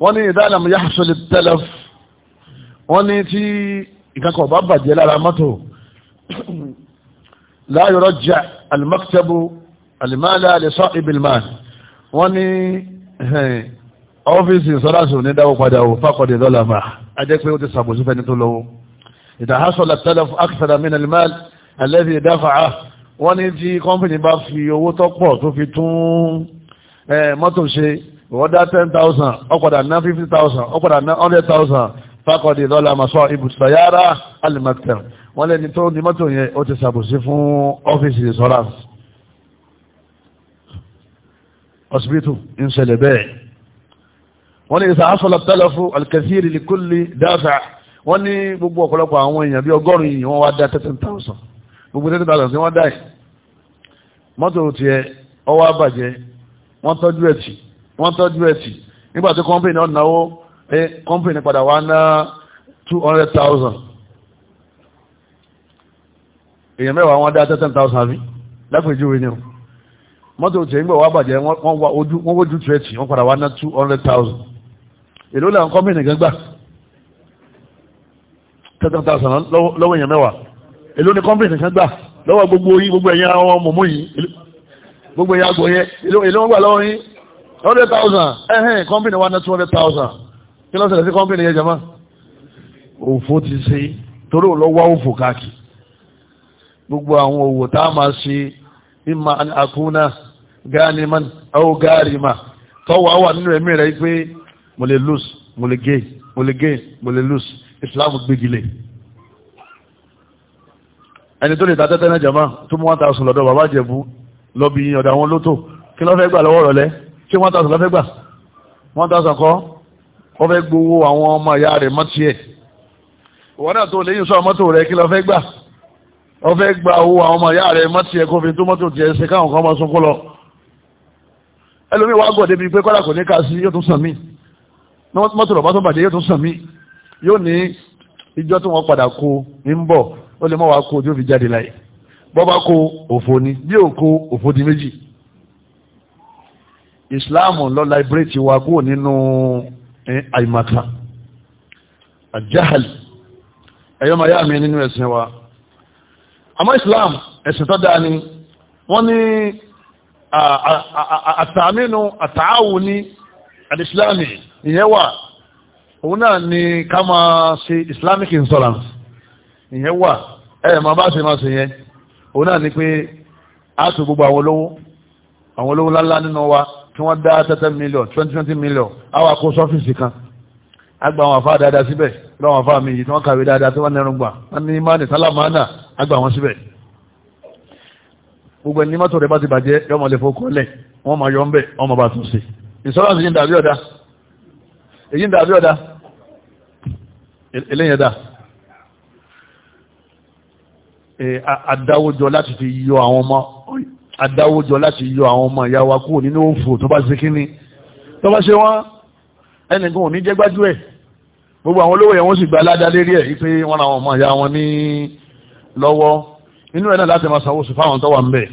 wọ́n ní ìdánimù yahsul talaf wọ́n ní tí ìkankan ọba bàjẹ́ lára mọ́tò *clears throat* la yurajja al-maktabu al-mala li sahibil mal wọ́n ní ọ́fíìsì ìsọ́láṣù ní dáwó padà ò fákọ̀dé lọ́la máa ajẹ́ pé ó ti sàbòsí fẹ́ni tó lọ́wọ́ ìtàhásọ̀lá tẹ́lẹ̀fù akṣẹ́dà mí nàlmáàlì alẹ́bí ìdáfàá wọ́n ní tí kọ́mpìnì bá fi owó tó pọ̀ tó fi tún mọ́tò ṣe ìwọ́dá 10,000 ọkọ̀dà ná 50,000 ọkọ̀dà ná 100,000 fákọ̀dé lọ́la máa sọ ibùsàyára alimakitẹ̀ wọ́n lẹ́ni tó ní mọ́tò yẹn ó ti sàbòsí fún ọ́fíìsì ìsọ́láṣù ọsibítù ń ṣẹlẹ̀ wọ́n ní ìsàásọ̀lọ̀ tẹ́lẹ̀fù alkaziri likulli dáfà wọ́n ní gbogbo ọ̀pọ̀lọpọ̀ àwọn èèyàn bí ọgọ́rùn-ún yìí wọ́n wá dá 13,000 gbogbo 13,000 sí wọ́n dáì mọ́tò ti ẹ ọwọ́ àbàjẹ́ wọ́n tọ́jú ẹ̀tì wọ́n tọ́jú ẹ̀tì nígbà tí kọ́mpìnì náà náwó ẹ kọ́mpìnì padà wá ná 200,000 èèyàn mẹ́wàá wọ́n dá 13,000 àbí lápèjúwe ni o mọ́tò ti ẹ nígbà wọ́n àbàjẹ́ wọ́n wójú 20 wọ́n padà wá ná 200,000 èló là ń kọ́ mí nìkan gbà tẹ́tàn tàṣán lọ́wọ́ èèyàn mẹ́wàá èló ni kọ́mpìnì nìkan gbà lọ́wọ́ gbogbo yín gbogbo ẹ̀yìn àwọn mọ̀mọ́ yìí gbogbo ẹ̀yìn àgbọ̀ yẹ èló wọ́n gbà lọ́wọ́ yín hundred thousand ẹ̀hẹ́n kọ́mpìnì wa ná two hundred thousand kí ló ṣẹlẹ̀ sí kọ́mpìnì yẹn jama òfò ti ṣe torí ò lọ wá òfò káàkiri a máa ṣe ìmà àkúnà gánímà àwọn gáàrìmà tọ́wọ́ àwọn nínú ẹ̀mí mo lè lose mo lè gain mo lè gain mo lè lose islam gbégilé ẹni tó lè ta tẹ́tẹ́ náà jama tó mú 1000 lọ́dọ̀ bàbá jẹ̀bú lọ bí ọ̀dà wọn lótò kí ló fẹ́ gbà lọ́wọ́ rọ̀lẹ́ kí 1000 ló fẹ́ gbà 1000 kọ́ ó fẹ́ gbowó àwọn ọmọ ìyá rẹ̀ mọ́tì ẹ̀ ìwọ́n náà tó léyìn sọ mọ́tò rẹ̀ kí ló fẹ́ gbà ó fẹ́ gba owó àwọn ọmọ ìyá rẹ̀ mọ́tì ẹ̀ kó fi tó mọ́tò tiẹ̀ ṣe káwọn kan máa sunkún lọ ẹlòmíì wá gọ̀dé bíi pé kọ́lá kò ní ká sí yóò tún sàn míì ní wọ́n mọ́tò rọ̀bá tó bàjẹ́ yóò tún sàn mí yóò ní ìjọ tí wọ́n padà kó ń bọ̀ ó lè mọ́ wá kó ojú fi jáde láyé bọ́ bá kó òfò ni bí ò kó òfò di méjì ìsìláàmù lọ láìbírètì wa kúrò nínú àìmàkà àjáhàlì ẹ̀yọ́ máa yá mi nínú ẹ̀sìn wa àmọ́ ìsìláàmù ẹ̀sìn tó dáa ni wọ́n ní àtàmínú àtàáwù ní àdìsíláàmù yìí ìyẹn wà òun náà ni ká máa ṣe islamic insurance ìyẹn wà ẹ̀ máa bá ṣe máa ṣe yẹn òun náà ni pé a tún gbogbo àwọn olówó àwọn olówó ńláńlá nínú wa tí wọ́n dá tẹ́tẹ́ mílíọ̀n twenty twenty mílíọ̀n àwọn àkó sọ́fíìsì kan agba àwọn afá dáadáa síbẹ̀ lọ́wọ́ afá mi yìí tí wọ́n kàwé dáadáa tí wọ́n nẹrun gbà wọ́n ní imáni sálámánà agba wọn síbẹ̀ gbogbo ẹni mọ́tò rẹ̀ bá ti bàjẹ́ yọ́mọ̀ lè fọ́kọ́ lẹ̀ wọ́n máa yọ ń bẹ̀ wọ́n máa bá tún sí ìsọ́láṣí èyí ń dàbí ọ̀dá e-, eléyìn ẹ̀dá àdáwójọ e, láti fi yọ àwọn ọmọ àdáwójọ láti yọ àwọn ọmọ ìyá wa kúrò nínú òfò tó bá ṣe kíní tó bá ṣe wọ́n ẹnìkan ò ní jẹ́ gbájú ẹ̀ gbogbo àwọn olówó yẹn wọ́n sì gba aládá lérí ẹ̀ pé wọ́n ra àwọn ọmọ ìyá wọn ní lọ́wọ́ inú ẹ̀ náà láti máa sanwó sí fáwọn tó wà ń bẹ̀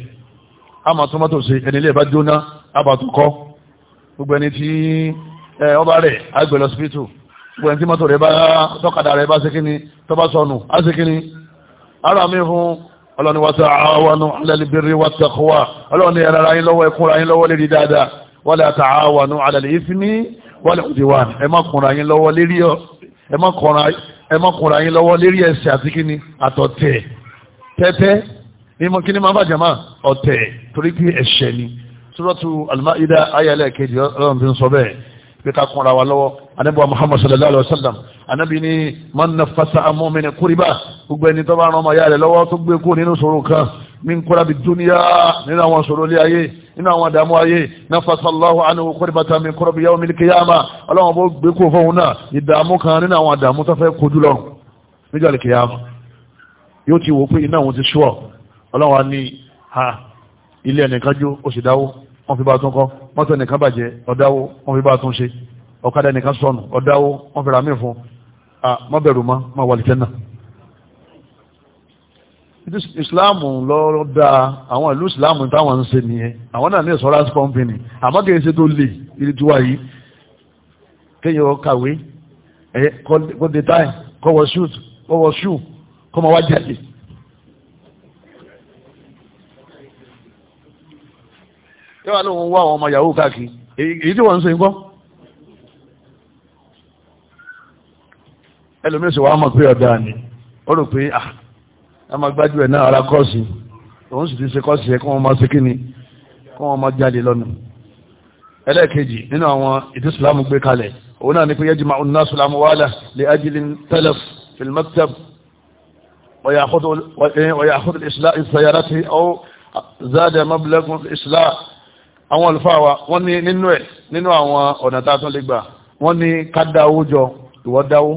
máa tún mọ́tò sí ẹni ilé ìbá jóná a bá tún kọ́ gbogbo ẹni tí ọba rẹ̀ agbè lọ síbítù gbogbo ẹni tí mọ́tò rẹ̀ bá tọ́kadà rẹ̀ bá ṣe kíni tó bá sọnù á ṣe kíni ara mi fún ọlọ́ni wàtà àwọn alẹ́lẹ́bìrì wàtà kọ́wà ọlọ́ni ẹ̀rọ ara yín lọ́wọ́ ẹkúnra yín lọ́wọ́ lérí dáadáa wọ́n lè ta àwọn alẹ́lẹ́ yìí fi ní wọ́n lè kùdì ẹ má kùnra yín yín lọ́wọ́ lérí ẹsẹ̀ àti kíni àtọ̀tẹ̀ tẹ́tẹ́ mímọ kí ni máa bàjẹ́ máa ọ̀tẹ̀ torí pé ẹ̀ṣẹ̀ ni Suratu Al-Ma'idah ayẹlẹ́ kejì ọlọ́run ti ń sọ bẹ́ẹ̀ pé ká kúnra wa lọ́wọ́ anábì wa muhammad sallallahu alayhi wa sallam anábì ni man nafasa amọ́mìnì kúrìbà gbogbo ẹni tó bá ràn ọmọ ìyá rẹ̀ lọ́wọ́ tó gbé kó nínú ṣòro kan min kurabi duniya nínú àwọn ṣòro ilé ayé nínú àwọn àdàmú ayé nafasa allahu anhu kuribata min kurabi yawmil qiyama ọlọ́wọ́n bó gbé kó fóun náà ìdààmú kan nínú àwọn àdàmú tó fẹ́ kojú lọ níjọ́ lè kiyama yóò ti wò pé iná òun ti ṣúọ̀ ọlọ́wọ́n á ní ha ilé ẹnìkan mọ́tò nìkan bàjẹ́ ọ̀dáwó wọ́n fi bá a tún ṣe ọ̀kadà nìkan sọnù ọ̀dáwó wọ́n fi ra mí fún a má bẹ̀rù mọ́ má wà lìkẹ́ náà. islam lọ́rọ́ da àwọn ìlú islam táwọn ń ṣe nìyẹn àwọn náà ní insurance company àmọ́ kì í ṣe tó lè ibi tí wà yìí kéèyàn kàwé kọ́ dé kọ́ wọ kọ́ wọ kọ́ mọ wá jáde. yóò wá lóun wá àwọn ọmọ yahoo káàkiri èyí tí wọ́n ń sọ yín kọ́. ẹlòmíràn sì wá mọ̀ pé ọ̀dà ni ó rò pé à ah, á máa gbájú ẹ̀ náà ara kọ́ọ̀sì òun sì ti ṣe kọ́ọ̀sì ẹ̀ kí wọ́n máa ṣe kí ni kí wọ́n máa jáde lọ́nà. ẹlẹ́ẹ̀kejì nínú àwọn ìdí sùlámù gbé kalẹ̀ òun náà ni pé yẹ́jú máa ń ná sùlámù wàhálà lè ájílì tẹ́lẹ̀f fìlmẹ́tẹ́b ọ̀yà àkótó ìsìlá ìsayára ti ọ́ mọ́bìlẹ́gùn ìsìlá àwọn àlùfáà wa wọ́n ní nínú ẹ̀ nínú àwọn ọ̀nà tá a tún lè gbà wọ́n ní ká dáwó jọ ìwọ dáwó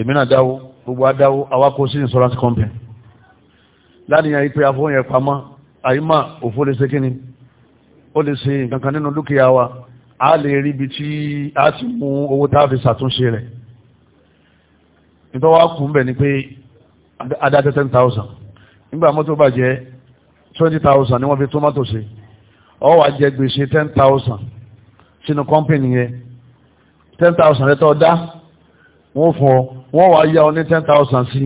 èmi náà dáwó gbogbo adáwó àwa kó sí insurance company láníyàn ipe afọ́n yẹn pamọ́ àyímà òfó lè ṣe kíni ó lè ṣe nǹkan nínú dúkìá wa a lè rí ibi tí a ti mú owó tá a fi ṣàtúnṣe rẹ̀ nítorí wàá kú ń bẹ̀ ni pé adá ten thousand nígbà mọ́tò bàjẹ́ twenty thousand ni wọ́n fi tómátò ṣe ọ wà jẹ gbèsè ten thousand sínú kọ́mpìnì yẹn ten thousand lẹ́tọ́ dá wọ́n fún ọ wọ́n wà yá ọ ní ten thousand sí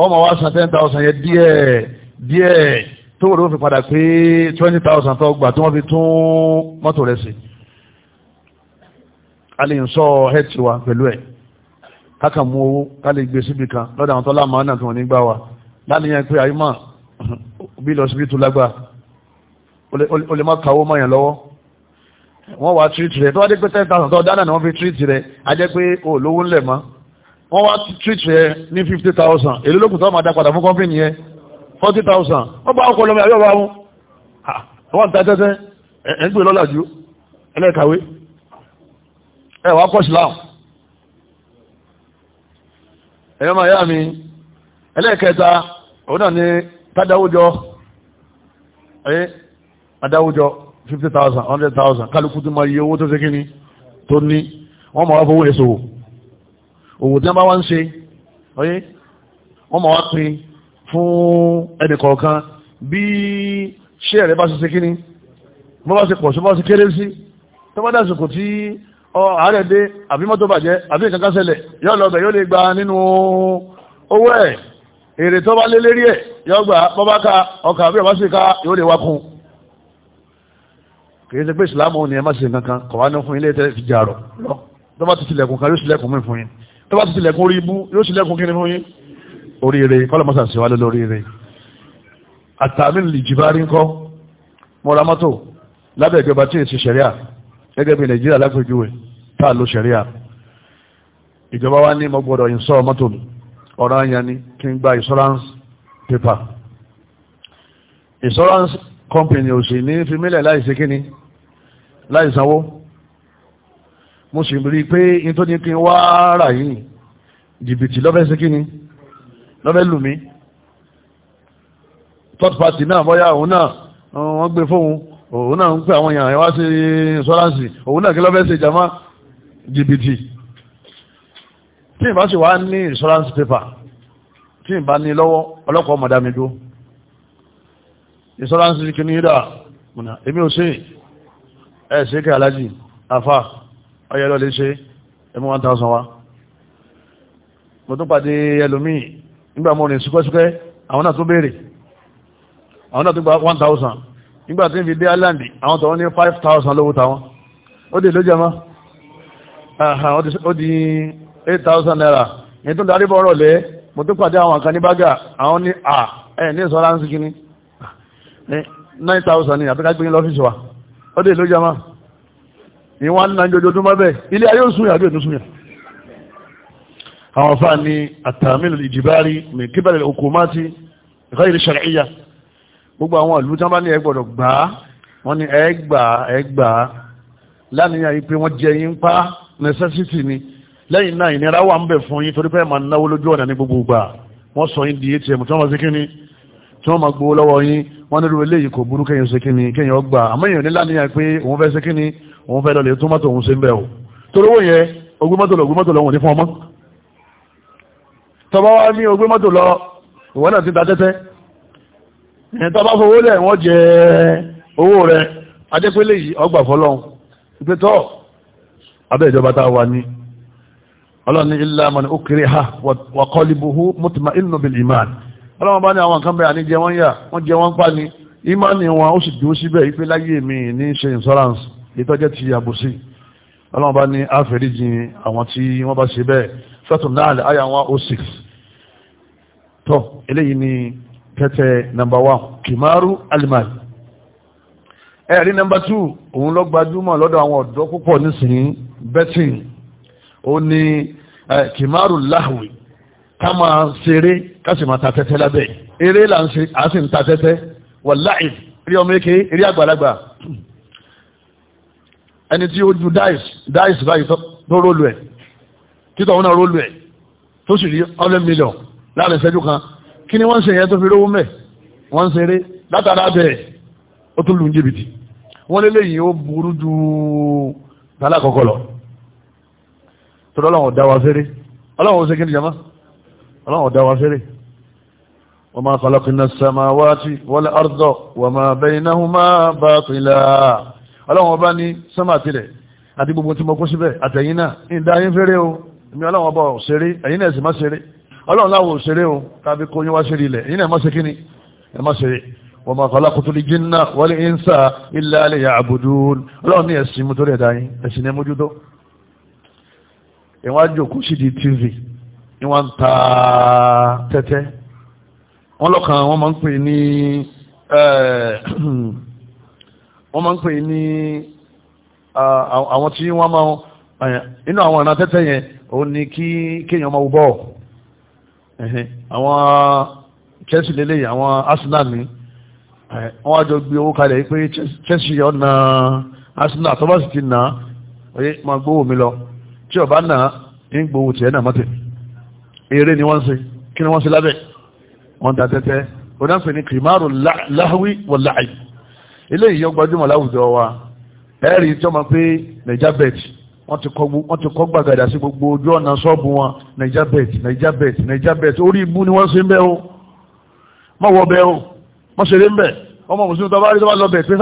ọ ma wá san ten thousand yẹn díẹ̀ díẹ̀ tó wọ́n ló fi padà pé twenty thousand tó gbà tí wọ́n fi tún mọ́tò rẹ̀ sí a lè sọ ẹ̀tì wa pẹ̀lú ẹ̀ káka mú owó ká lè gbé síbi kan lọ́dọ̀ àwọn tó lámàá náà tí wọ́n ní gbá wa láníyàn pé àyímọ̀ bí lọ síbi tó lágbàá o lè má kàwó mọ́yàn lọ́wọ́ wọ́n wá tírìtì rẹ̀ tó wá dé pé ten thousand tó dáná ni wọ́n fi tírìtì rẹ̀ á jẹ́ pé o lówó ńlẹ̀ mọ́ wọ́n wá tírìtì rẹ̀ ní fifty thousand èlé lókùn tó máa dá padà fún kọ́mpìnì yẹn forty thousand wọ́n bá ọkọ̀ lọ́mọ àbíọ̀bá wọn wọ́n ta tẹ́tẹ́ ẹ̀ ń gbé lọ́la ju ẹlẹ́kàwé ẹ̀ wá kọ́ sílámù ẹ̀yọ́ máa yá mi ẹlẹ́kẹta òun náà ni tádáwójọ ẹ̀ adáwùjọ fifty thousand hundred thousand kálukú tó máa yí owó tó ṣe kíni tó ní wọ́n máa wá fowó èso wò òwò tí wọ́n bá wá ń ṣe ọyẹ́ wọ́n máa wá pín fún ẹnì kọ̀ọ̀kan bí ṣé ẹ̀rẹ́ bá ṣe ṣe kíni bó bá ṣe pọ̀ sí bó bá ṣe kéré sí tó bá dàsìkò tí ààrẹ dé àbí mọ́tò bàjẹ́ àbí nǹkan kan yóò lọ bẹ̀ yóò lè gba nínú owó ẹ̀ èrè tó bá lé lérí ẹ̀ yóò gbà bọ́ bá ka ọkà àbí ọ̀bá sì ka yóò lè wá kún kìí ṣe pé ìsìlámù ò ní ẹ má ṣe nǹkan kan kọ̀wá ní fún ilé tẹ́lẹ̀ fi jàrọ̀ lọ tó bá ti tilẹ̀kùn kan yóò ṣílẹ̀kùn mí fún yín tó bá ti tilẹ̀kùn orí ibú yóò ṣílẹ̀kùn kí ni fún yín oríire kọ́lọ̀mọ́sà sí wa lé lóríire àtàmì lè jìbá rí ńkọ́ mọ́ra mọ́tò lábẹ́ ìjọba tí èsì ṣẹ̀ríà gẹ́gẹ́ bí nàìjíríà lápèjúwe tá a lo ṣẹ̀ríà ìjọba wa ní mo gbọ́dọ̀ ìsọ́ mọ́tò mi ọ̀rọ̀ àyàn ni kí n gba insurance paper insurance company ò sì ní fi mílẹ̀ láì ṣe kíni láì sanwó mo sì rí i pé in tó ní kí n wá rà yìí jìbìtì lọ́fẹ́ sí kíni lọ́fẹ́ lù mí third party náà bọ́yá òun náà wọ́n gbé fóun òun náà ń pè àwọn èèyàn wá sí insurance òun náà kí lọ́fẹ́ sí ìjàmá jìbìtì tí ìbá sì wá ní insurance paper tí ìbá ní lọ́wọ́ ọlọ́pàá ọmọdá mi insurance kìíní dà èmi ò sí ẹ̀ ṣe kí alájì afá ọyẹ́ lọ́lẹ́ ṣe ẹmú 1000 wa mo tún pàdé ẹlòmíì nígbà mọ́ ní súkẹ́súkẹ́ àwọn náà tún béèrè àwọn náà tún gba 1000 nígbà tí ń fi dé island àwọn tọ̀wọ́n ní 5000 lówó tàwọn ó dè ló jẹmọ́ ó di 8000 naira ní tó darí bọ́rọ̀ lẹ́ mo tún pàdé àwọn kan ní bága àwọn ní à ẹ̀ ní ìsọ́lá ń sí kíní 9000 ni àbíkájú ní lọ́fíìsì wa ọdẹ ìlú jama ìwọ̀n ń na jọjọdúnmọ́ bẹ́ẹ̀ ilé ayé òsùn yà àbíòdún sùn yà àwọn afáà ní àtàmìlì ìjìbárí mẹ̀kíbẹ̀rẹ̀ òkòmáti ìkọ́yìí ṣàrẹ̀yà gbogbo àwọn ìlú tí wọ́n bá ní ẹgbọ̀dọ̀ gbà á wọ́n ní ẹgbà ẹgbà lánìyàn yìí pé wọ́n jẹ yín pa necessity ni lẹ́yìn náà ìnira wà ń bẹ̀ fún yín torí pé máa náwó lójú ọ̀nà ní gbogbo gbà wọ́n sọ yín di atm tí wọ́n máa ṣe kí ni tí wọ́n ma gbowó lọ́wọ́ yín wọ́n nílùú eléyìí kò burú kẹ́yìn ṣe kíni kẹ́yìn ọgbà àmọ́ èèyàn nílá níyà pé òun fẹ́ ṣe òun fẹ́ lọlẹ̀ tó mọ́tò òun ṣe ń bẹ̀ o torí owó yẹn ogún mọ́tò lọ ogún mọ́tò ọmọ tọba wa ní ogún mọ́tò lọ náà tọba fowó lẹ̀ wọ́n jẹ owó rẹ adépélé yìí ọgbà ha ọlọ́wọ́n bá ní àwọn kan bẹ́ẹ̀ àní jẹ wọ́n yà wọ́n jẹ wọ́n pa ni ìmánì wọn ó sì dúró síbẹ̀ ìfẹ́ láyé mi ní ṣe insurance ìtọ́jẹ́ ti àbòsí ọlọ́wọ́n bá ní àfẹ́ríjìn àwọn tí wọ́n bá ṣe bẹ́ẹ̀ sọ́tún náà àyà wọn ó oh six tọ́ eléyìí ni tẹ́tẹ́ nàmbà wà kìmáàrú alimali ẹ̀rí nàmbà tù òun lọ gbajúmọ̀ lọ́dọ̀ àwọn ọ̀dọ́ púpọ̀ nísìnyí betting ó ní kìmáàrú láhùwì ká máa ṣeré ká sì máa ta tẹ́tẹ́ lábẹ́ eré là ń ṣe à sì ń ta tẹ́tẹ́ wàláì eré ọmọ eke eré àgbàlagbà ẹni tí ó ju dice dice báyìí tó rólu ẹ̀ títọ̀ wọn náà rólu ẹ̀ tó sì rí ọlẹ́ mílíọ̀n láàrin ìṣẹ́jú kan kí ni wọ́n ń ṣe yẹn tó fi rówó mẹ́ wọ́n ń ṣeré látara bẹ́ẹ̀ ó tún lu ń jìbìtì wọ́n lélẹ́ yìí ó burú ju tálá lọ tó lọ́wọ́ dá wa fẹ́rẹ́ ọlọ́wọ́ ó ṣe kí ni jama ọlọ́run ọ̀dá wa fẹ́rẹ̀ wa ma khalaqna as-samawati wal arda wa ma baynahuma batila ọlọ́run ọba ní sánmà tilẹ̀ àti gbogbo tí mo kó síbẹ̀ àtẹ̀yìn náà ìdá yín fẹ́rẹ̀ o èmi ọlọ́run ọba òṣèré ẹ̀yin náà sì má ṣeré ọlọ́run láwọ̀ òṣèré o tàbí kó yín wá ṣeré ilẹ̀ ẹ̀yin náà má ṣe kíni ìwájú kò sí di tv ni tete ń ta tẹ́tẹ́ wọn lọ́kàn wọ́n máa ń pè ní eh, *clears throat* wọn máa ń pè ní ah, àwọn tí máa eh, inú àwọn ọ̀nà tẹ́tẹ́ yẹn òun ni kí kéèyàn máa wú bọ́ọ̀ àwọn Chelsea lélẹ̀ àwọn Arsenal ni eh, wọ́n wá jọ gbé owó kalẹ̀ pé Chelsea ọ̀nà Arsenal tó bá sì ti nà á máa gbówó mi lọ tí ọ̀bá nà á ń gbówó tiẹ̀ eré ni wọ́n ṣe kí ni wọ́n ṣe lábẹ́ wọ́n ta tẹ́tẹ́ onáfẹ́ ni kìmáàrù láhùí wọ́n láàyè eléyìí yọ gbajúmọ̀ láwùjọ wa ẹ̀rí tí wọ́n máa pé naija bet wọ́n ti kọ́ gbàgàdà sí gbogbo ojú ọ̀nà ṣọ́ọ̀bù wọn naija bet naija bet naija bet orí ibú ni wọ́n ṣe ń bẹ́ o mọ̀ wọ́ bẹ́ o mọ̀ ṣeré ń bẹ́ ọmọ mùsùlùmí tó bá rí lọ bẹ̀ pé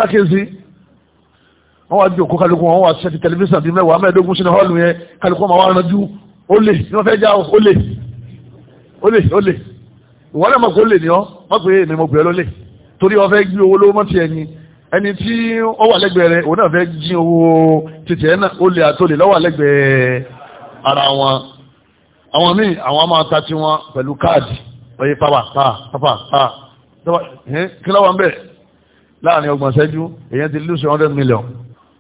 wọ́n wá di òkú kálukú wọn wá ṣẹ́ti tẹlifíṣàn bíi mẹ́wàá mẹ́ẹ̀ẹ́dógún sínú hall yẹn kálukú wọn wá ránjú ó lè ní wọ́n fẹ́ já ó lè ó lè ó lè ìwọ́n náà mọ̀ pé ó lè ní ọ́ mọ̀ pé èmi mo bẹ̀rẹ̀ ló lè torí ọ fẹ́ gbé owó lówó mọ́ ti ẹni ẹni tí ó wà lẹ́gbẹ̀ẹ́ rẹ̀ òun náà fẹ́ jí owó títí ẹ̀ náà ó lè àtòlè lọ́wọ́ lẹ́gbẹ̀ẹ́ ara wọn àwọn míì àwọn máa ta ti wọn pẹ̀lú káàdì oye pàpà pàpà pàpà kí lọ́wọ́ ń bẹ̀ láàrin ọgbọ̀n ṣẹ́jú èyàn ti lose hundred million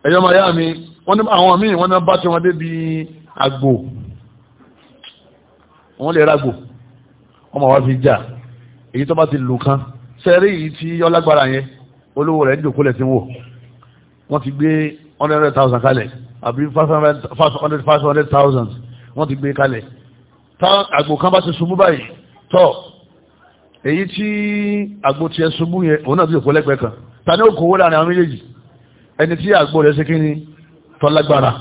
ẹ̀yọ́ máa yá mi wọ́n ní àwọn míì wọ́n ní bá ti wọn débi àgbò wọ́n lè ra àgbò ọmọ wa fi jà èyí tó bá ti lù kan sẹ́rí yìí tí ọlágbára yẹn olówó rẹ̀ ń jòkólẹ̀ tí wò wọ́n ti gbé hundred thousand kalẹ̀ àbí five hundred five hundred thousand wọ́n ti gbé kalẹ̀ tá àgbò kan bá ti ṣubú báyìí tọ́ èyí tí àgbò tiẹ̀ ṣubú yẹn òun náà ti jòkólẹ̀ pẹ́ kan ta ni ó kówó láàrin àwọn méjèèjì ẹni tí àgbò rẹ̀ ṣe kí ni tọ́lágbára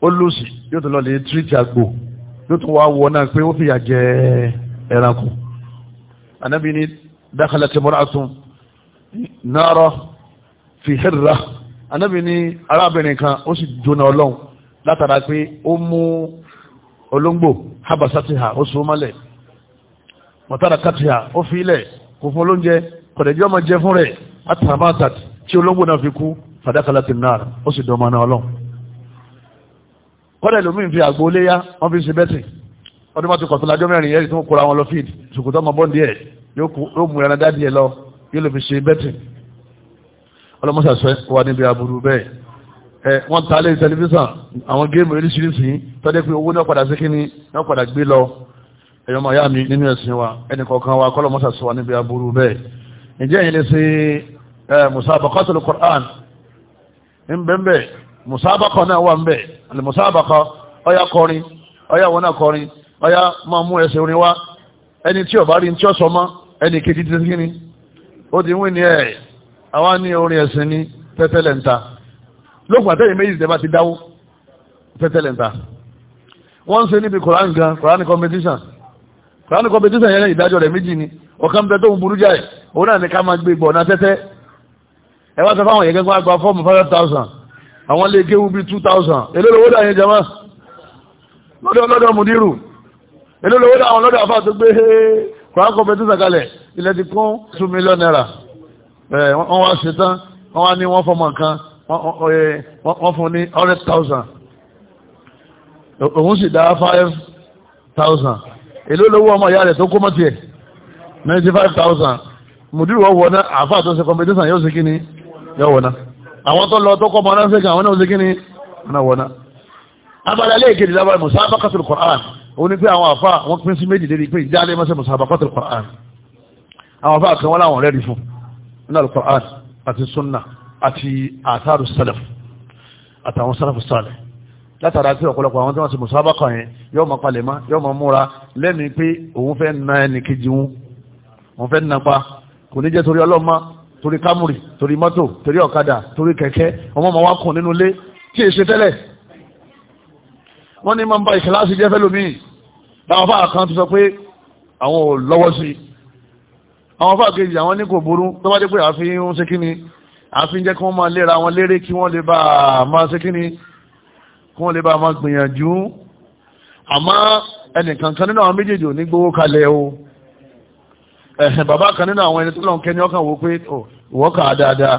ó lùsì yóò tó lọ lè tírìtì àgbò ló tún wá wọ náà pé ó fìyà jẹ ẹranko anábì ní dákàlà tí mọ́ra tún náírà fi hẹ́rà anábì ní arábìnrin kan ó sì jóná ọlọ́run látara pé ó mú olóńgbò habasatiha ó so mọ́lẹ̀ mọ̀tàrà katiha ó fi ilẹ̀ kò fún olóúnjẹ kọ̀dẹ̀jọ́ máa jẹ fún rẹ̀ àtàmátàt tí olóńgbò náà fi kú fàdákàlà tí náírà ó sì dọ̀ náà ọlọ́run kọ́dà ìlòmíì fi àgbo léyà wọ́n fi ṣe bẹ́sìn ọdún bá ti kọ̀tún lájọ́ mẹ́rin yẹn tó kóra wọn lọ fíìd ṣùkùtọ́ ọmọ bọ́ǹdì ẹ̀ yóò mú ẹran dáàdì ẹ̀ lọ yóò lè fi ṣe bẹ́sìn ọlọ́mọṣàṣẹ́ wà níbi aburú bẹ́ẹ̀ ẹ wọ́n ta lé tẹlifíṣàn àwọn géèmù oríṣiríṣi tọ́jú pé owó náà padà sí kíní náà padà gbé lọ ẹ̀yọ́ máa yá mi nínú ẹ̀sìn wa ẹnì kọ̀ọ̀kan wa kọ́lọ́mọṣàṣẹ́ wà níbi aburú bẹ́ẹ̀ ǹjẹ́ ìyẹn lè ṣe musabaqatul Qur'an ń bẹ́ẹ̀ Musabaka náà wà ń bẹ̀ àlè musabakọ ọyá kọrin ọyá wọn náà kọrin ọyá máa mú ẹsẹ̀ orin wá ẹni tí ọba rí ní tí ó sọ mọ́ ẹni kejì ti kí ni ó ti wí ni ẹ̀ àwa ní orin ẹ̀sìn ní tẹ́tẹ́lẹ̀ ń lókùn àtẹ́yìn méjì tẹ́ bá ti dáwó tẹ́tẹ́lẹ̀ ń wọ́n ń ṣe níbi koran gan koran competition koran competition yẹn ìdájọ́ rẹ̀ méjì ni ọ̀kan bẹ tó ń burú jáì òun náà ní ká máa gbé gbọ̀nà tẹ́tẹ́ ẹ wá sọ fáwọn yẹn gẹ́gẹ́ wá fọ́ọ̀mù five thousand àwọn lè kéwú bí 2000 elólówódà yẹn jama lọ́dọ̀ lọ́dọ̀ mùdírù elólówódà àwọn lọ́dọ̀ àfà tó gbé kòrán kọmpẹtísà kalẹ̀ ilẹ̀ ti kún two million naira wọ́n wá ṣetán wọ́n wá ní wọ́n fọmọ kan wọ́n fún ní 100,000 òun sì dá 5,000 elólówó ọmọ ìyá rẹ̀ tó kó mọ́tì ẹ̀ 95,000 mùdírù wọ́n wọ́n náà àfà tó ṣe kọmpẹtísà yóò ṣe kí ni yóò wọ́n náà àwọn tó lọ tó kọ́ mọ́ aláṣẹ́ kan àwọn náà ṣe kíni Qur'an ó ní pé àwọn àfa wọn pín sí méjì Qur'an àwọn àfa kan wọ́n láwọn rẹ́ẹ̀dì fún quran àti sunna ati àtàrù salaf àtàwọn salafu salih látara pé ọ̀pọ̀lọpọ̀ àwọn tí wọ́n ti musabaka yẹn yóò máa palẹ̀ mọ́ yóò máa múra lẹ́mìí pé òun fẹ́ na ẹnì kejì wọn òun fẹ́ napa kò ní jẹ́ torí ọlọ́mọ torí kamuri, torí mọ́tò torí ọ̀kadà torí kẹ̀kẹ́ ọmọ ọmọ wa kùn nínú ilé tí è ṣe tẹ́lẹ̀ wọ́n ní máa ń ba ìkìláàsì jẹ́ fẹ́lòmíì táwọn fáà kan ti sọ pé àwọn ò lọ́wọ́ sí i àwọn fáà kejì àwọn ní kò burú tó bá dé pé àfi ń ṣe kí ni àfi ń jẹ́ kí wọ́n máa léra wọn léré kí wọ́n lè bá a máa ṣe kí ni kí wọ́n lè bá a máa gbìyànjú àmọ́ ẹnìkankan nínú àwọn méjèèjì ò ní gbowó kalẹ̀ o ẹ̀hẹ̀ bàbá kan nínú àwọn ẹni tó lọ́n kẹ́ni ọkàn wo pé oh, ìwọ́ kà á dáadáa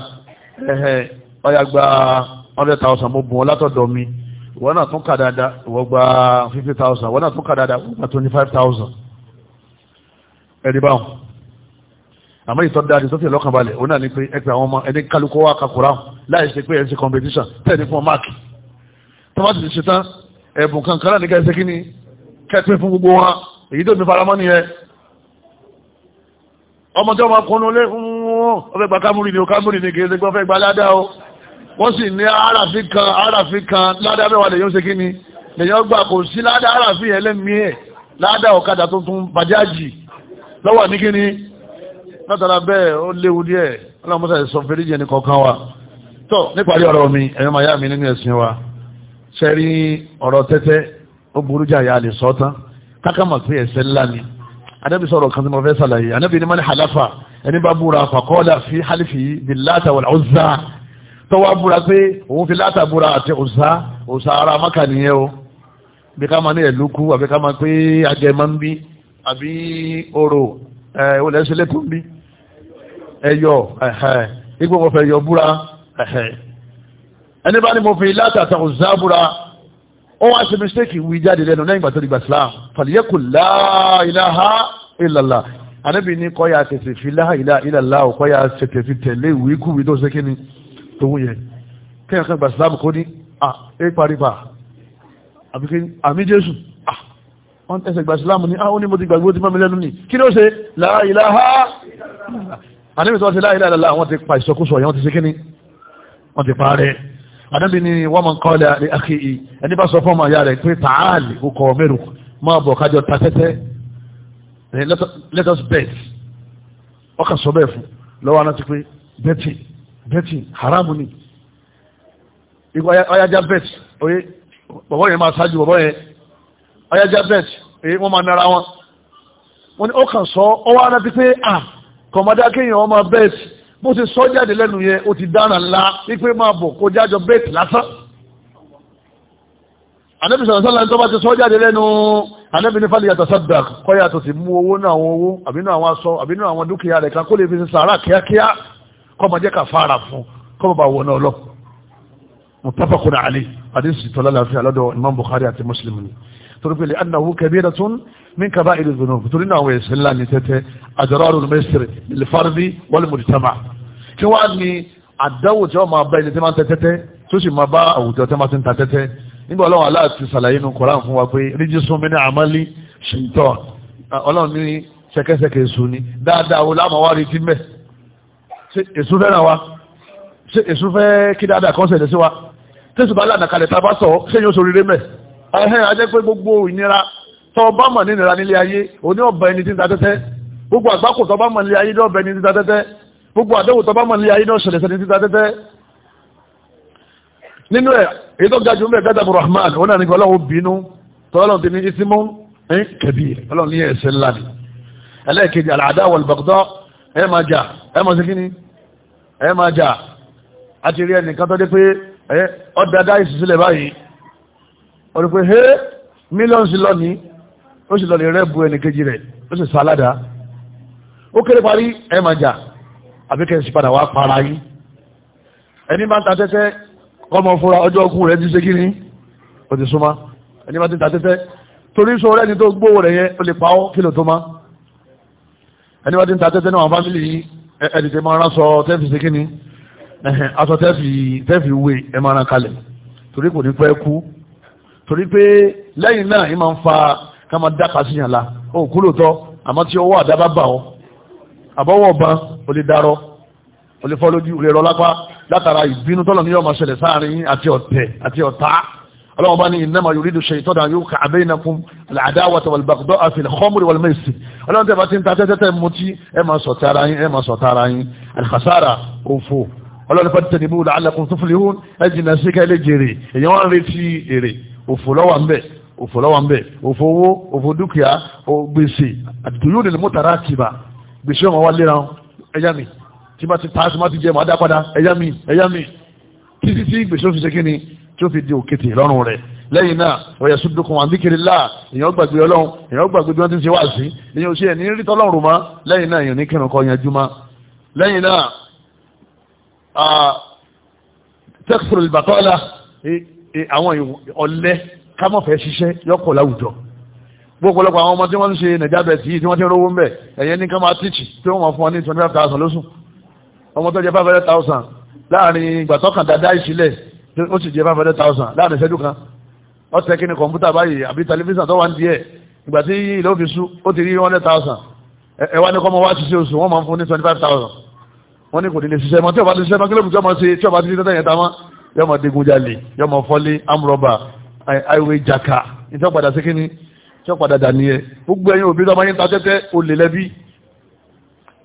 ẹ̀hẹ̀ ọ̀yà gba hundred thousand mo bùn ọ́ látọ̀dọ̀ mi ìwọ́ náà tún kà dáadáa ìwọ́ gba fifty thousand ìwọ́ náà tún kà dáadáa ìwọ́ gba twenty five thousand ẹ̀rí báwọn àmọ́ ìtọ́ dáadé tó fi lọ́kàn balẹ̀ òun náà ni pé ẹgbẹ́ àwọn ọmọ ẹni kálukọ́ wá kakura láì ṣe pé ẹ̀sìn competition tẹ̀lé fún máàkì tọ́mátì ti ṣetán ẹ̀bùn kankan náà ní kẹ́sẹ́ kí ni kẹ́pẹ́ fún gbogbo wọn èyí ọmọ tí wọ́n kúnnú lé fún ọfẹ́ gba kámúrì ní o kámúrì ní kìí ṣẹgbọ́n fẹ́ gba ládá o wọ́n sì ní àràfi kan àràfi kan ládá bẹ́wà lèyàn ṣe kí ni lèyàn gbà kò sí ládá àràfi yẹn lẹ́mí ẹ̀ ládá ọ̀kadà tuntun bàjáàjì lọ́wọ́ ní kí ni látara bẹ́ẹ̀ ó léwu díẹ̀ ọlọ́mọṣẹ́ sọ fèrèjì ẹni kọ̀ọ̀kan wa tó níparí ọ̀rọ̀ mi ẹ̀yọ́ máa yá mi nínú ẹ̀sìn wa ṣẹ́rí ọ̀rọ̀ tẹ́tẹ́ ó burú jà yà lè sọ tán kákàmọ̀ pé ẹ̀ṣẹ̀ ńlá ni anabi sọ̀rọ̀ kan tí mo fẹ́ sàlàyé anabi ní mani halafa ẹni bá búra fàkọ́lá fi halifi bi láta wàlá ọ̀zá tọ́wọ́ búra pé òun fi láta búra àti ọ̀zá ọ̀zá ara maka nìyẹn o bí ká máa ní ẹ̀lú kú àbí ká máa pé ajẹ́ máa ń bí àbí orò ẹ̀ olè ṣẹlẹ̀ tó ń bí ẹ̀yọ igbó mo fẹ́ yọ búra ẹni bá ní mo fi láta àti ọ̀zá búra ó wá ṣe mistake wí jáde lẹ́nu lẹ́yìn ìgbàtọ́ ìgbà islam fàlíyẹ́kù la ilaha illallah anábì ní kọ́yà tètè fi la ilaha illallah kọ́yà tètè fi tẹ̀lé ìwé kúwé tó ṣe kíni tó wù yẹn kẹ́yàn kan ìgbà islam kó ní à é paripa àmì jésù à wọ́n tẹ̀sẹ̀ ìgbà islam ní à ó ní mo ti gbàgbé ó ti mọ́mi lẹ́nu ní kí ló ṣe la ilaha anábì ni wọ́n máa ń kọ́lẹ̀ àrí àkè yìí ẹni bá sọ fún ọmọ ìyá rẹ̀ pé tààlì okọ̀ mẹ́rù máa bọ̀ kájọ ta let us bet ọkà sọ bẹ́ẹ̀ fún lọ́wọ́ aná ti pé betting betting haramu ni ọyájá bet oye bọ̀bọ̀ yẹn máa ṣáájú bọ̀bọ̀ yẹn ọyájá bet oye wọ́n máa nára wọn wọ́n ni ọkà sọ ọwọ́ aná ti pé ah kọ̀mọdé akéèyàn ọmọ bet bó ṣe sọ jáde lẹ́nu yẹn ó ti dára ńlá wípé máa bọ̀ kó jájọ bẹ́ẹ̀tì lásán ànábì sọ̀rọ̀ sọ́la tó bá ti sọ jáde lẹ́nu ànábì ní fàlẹ̀ yàtọ̀ sọ́dà kọ́yà tó ti mú owó náà àwọn owó àbínú àwọn aṣọ àbínú àwọn dúkìá rẹ̀ kan kó lè fi ṣe sàárà kíákíá kọ́ máa jẹ́ ká fara fún kọ́ bá wọ náà lọ. mutafakun ali hadisi tọ́lá láàfin alọ́dọ̀ imam bukhari àti muslim ni torí pé lè min kaba'iri dhunub torí náà àwọn ẹ̀ṣẹ̀ ńlá ní tẹ́tẹ́ adrarul masir lil fardi wal mujtama kí wá ní àdáwò tí wọ́n máa bá ẹni tí máa ń tẹ tẹ́tẹ́ tó sì máa bá àwùjọ tí wọ́n ti ń ta tẹ́tẹ́ nígbà ọlọ́run Allah ti ṣàlàyé nu Kùránì fún wa pé ríjísún mi ní àmọ́lí ṣèǹtọ́ ọlọ́run ní ṣẹ̀kẹ̀ṣẹ̀kẹ̀ èṣù ni dáadáa wo láàmú wá rí tìǹbẹ̀ ṣe èṣù fẹ́ràn wa ṣe èṣù fẹ́ kí dáadáa kan ṣẹlẹ̀ sí wa tẹ̀sùn bá lànà kalẹ̀ tá a bá sọ ṣé yóò sọ rere mẹ́ ẹ̀hẹ́n ajẹ́ pé gbogbo ìnira tọ́ bá mọ̀ ní nira nílé ayé òní ọ̀bẹ ẹni tí ń ta tẹ́tẹ́ gbogbo àgbákò tọ́ bá mọ̀ nílé ayé ní ọ̀bẹ ẹni tí ń ta tẹ́tẹ́ gbogbo àdéhù tọ́ bá mọ̀ nílé ayé ní ọ̀ṣẹ̀lẹ̀ sẹ́ni tí ń ta tẹ́tẹ́ nínú ẹ̀ èyí tó ga jù mẹ́ gádàbù rahman ó náà ní ọlọ́run bínú tọ́lọ́run ti ní isimu kẹbí ọlọ́run ní ẹ̀ṣẹ̀ ńlá ni ẹlẹ́ẹ̀kejì àlàdá wọlbọ̀kọ́tọ́ ẹ máa jà ẹ máa sí kíni ẹ mílíọ̀nù sí lọ́nìí ó sì lọlẹ̀ rẹ́bù ẹnì kejì rẹ̀ ó sì sáládà ó kéré parí ẹ máa jà àbí kẹ́sì padà wá para yín ẹni máa ń ta tẹ́tẹ́ kọ́mọ fúnra ọjọ́ ọkùn rẹ̀ ti ṣe kí ni ó ti súnmá ẹni máa ti ta tẹ́tẹ́ torí sọ rẹ́ni tó gbówó rẹ̀ yẹn ó lè pa ọ́ kí ló tó má ẹni máa ti ta tẹ́tẹ́ náà fámìlì yìí ẹni tẹ́ máa ránṣọ tẹ́fì ṣe kí ni aṣọ tẹ́fì wé ẹ máa rán kalẹ̀ torí kò ní pẹ́ kú torí pé lẹ́yìn náà ì máa ń fa ká máa dáka sí yàn la ó kúrò tọ́ àmọ́ tí ọwọ́ àdábá bà ọ́ àbọ̀wọ̀ ọ̀bàn ò lè darọ́ ò lè fọ́ lójú ò lè rọ lápá látara ìbínú tọ́lọ̀ ní yóò máa ṣẹlẹ̀ sáàrin àti ọ̀tẹ̀ àti ọ̀tá ọlọ́wọ́n bá ní innama yuridu shaytanu an yuqi'a bainakum al-'adawata wal-baghdha'a fil khamri wal maisir ọlọ́wọ́n tẹ́ bá ti ń ta tẹ́tẹ́tẹ́ mutí ẹ máa sọ̀tẹ́ ara yín ẹ máa sọ̀tẹ́ ara yín al òfò ọlọ́wọ́n fattanibuhu la'allakum tuflihun ẹ jìnnà sí ká èèyàn wá ń retí èrè òfò lọ́wọ́ ń bẹ̀ òfò lọ́wọ́ ń bẹ̀ òfò owó òfò dúkìá gbèsè àdìtòyó nílùú mọ́tàrá kìbà gbèsè ọmọ wa léra ẹ̀yà mi tí bá ti ta sí má ti jẹ mọ́ adá padà ẹ̀yà mi ẹ̀yà mi títí tí gbèsè òfin ṣe kí ni tí ó fi di òkété lọ́rùn rẹ̀ lẹ́yìn náà ọ̀yà sódùkùn àbíkìrìlá èèyàn gbàgbé ọlọ́run èèyàn gbàgbé bí wọ́n ti ń ṣe wá sí èèyàn ò ṣe ẹ̀ ní rí tọ́lọ́run mọ́ lẹ́yìn náà èèyàn ní kírun kọ́ yanjú mọ́ lẹ́yìn náà tẹ́kùrù ìbàtọ́lá àwọn ọ̀lẹ́ ká mọ̀ fẹ́ ṣiṣẹ́ yọkọ̀ láwùjọ gbogbolopọ̀ àwọn ọmọ tí wọ́n ń ṣe nàìjà bẹ̀ tí tí wọ́n ti rówó ń bẹ̀ ẹ̀yẹ ní ká máa tí wọ́n fún wọn ní twenty five thousand lóṣù ọmọ tó jẹ five hundred thousand láàrin ìgbà tọkàn dáadáa ìsílẹ̀ ó sì jẹ five hundred thousand láàrin ìṣẹ́jú kan ó tẹ kí ni kọ̀ǹpútà báyìí àbí tẹlifíṣàn tó wà ní díẹ̀ ìgbà tí ilé òfin sú ó ti rí one hundred thousand ẹ wá ní kọ́mọ wá ṣiṣẹ́ oṣù wọ́n máa fún ní twenty five thousand wọ́n ní kò ní lè ṣiṣẹ́ mọ́ tí ọba ti ṣiṣẹ́ mọ́ kí ló kù tí ọmọ ṣe tí ọba ti ṣiṣẹ́ tẹ̀yẹ̀ tá mọ́ àìwé jàkà ìtọ́ padà sí kíní tí ó padà dàní ẹ gbogbo ẹ̀yin òbí tó máa ń ta tẹ́tẹ́ olè lẹ́bí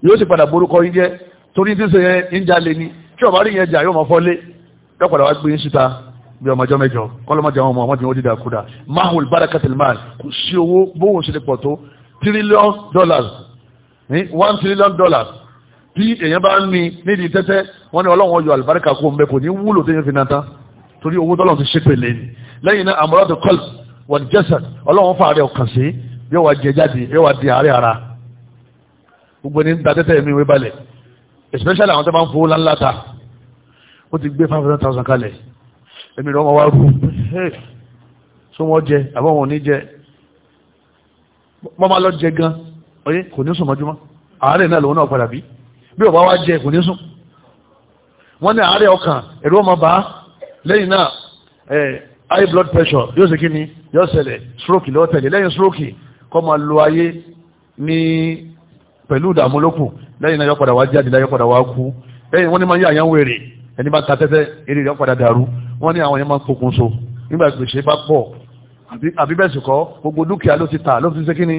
yóò sì padà borúkọ yín jẹ́ torí tí sè é ń jalè ni tí ọba rí yẹn jà yóò máa fọ́lé tí ó padà wá gbé yín síta bí ọmọ ọjọ́ mẹ́jọ kọ́lọ́mọjà wọn mọ̀ wọ́n ti wọ́n dídà kúdà mahul barakatil mal kò sí owó bóun ṣe lè pọ̀ tó tírílíọ̀n dọ́làs ní one tírílíọ̀n dọ́làs bí èèyàn bá ń ní nídìí tẹ́tẹ́ wọ́n ní ọlọ́run ọyọ àlùbáríkà kó ń bẹ kò ní wúlò téèyàn fi náà tán torí owó tọ́lọ́run ti ṣépè lé ni lẹ́yìn náà àmúrọ́dù kọ́lù wọ̀n jẹ́sẹ̀ ọlọ́run fà rẹ̀ ọ̀kàn sí yóò wá jẹ jáde yóò wá di àárẹ̀ ara gbogbo ní da mi wé balẹ̀ especially àwọn tó máa ń fowó láńlá ta ó ti gbé five hundred thousand kalẹ̀ èmi rẹ̀ wọ́n wá rú so wọ́n jẹ àbọ̀ wọn ò ní jẹ wọ́n máa lọ jẹ gan oyé kò ní sùn mọ́júmọ́ àárẹ̀ náà lòun náà padà bí bí ọba wá jẹ kò ní sùn wọ́n ní àárẹ̀ ọkàn ẹ̀rọ ọmọ bá lẹ́yìn náà high blood pressure yóò ṣe kí ni yóò ṣẹlẹ̀ stroke ló tẹ̀lé lẹ́yìn stroke kọ́ máa lo ayé ní pẹ̀lú ìdààmú lókù lẹ́yìn náà yọ padà wá jáde láyọ padà wá kú lẹ́yìn wọ́n ní máa ń yá àyàn wèrè ẹni bá ta tẹ́tẹ́ eré rẹ̀ padà dàrú wọ́n ní àwọn yẹn máa ń pokùnso nígbà gbèsè bá pọ̀ àbí bẹ́ẹ̀ sì kọ́ gbogbo dúkìá ló ti ta ló ti ṣe kí ni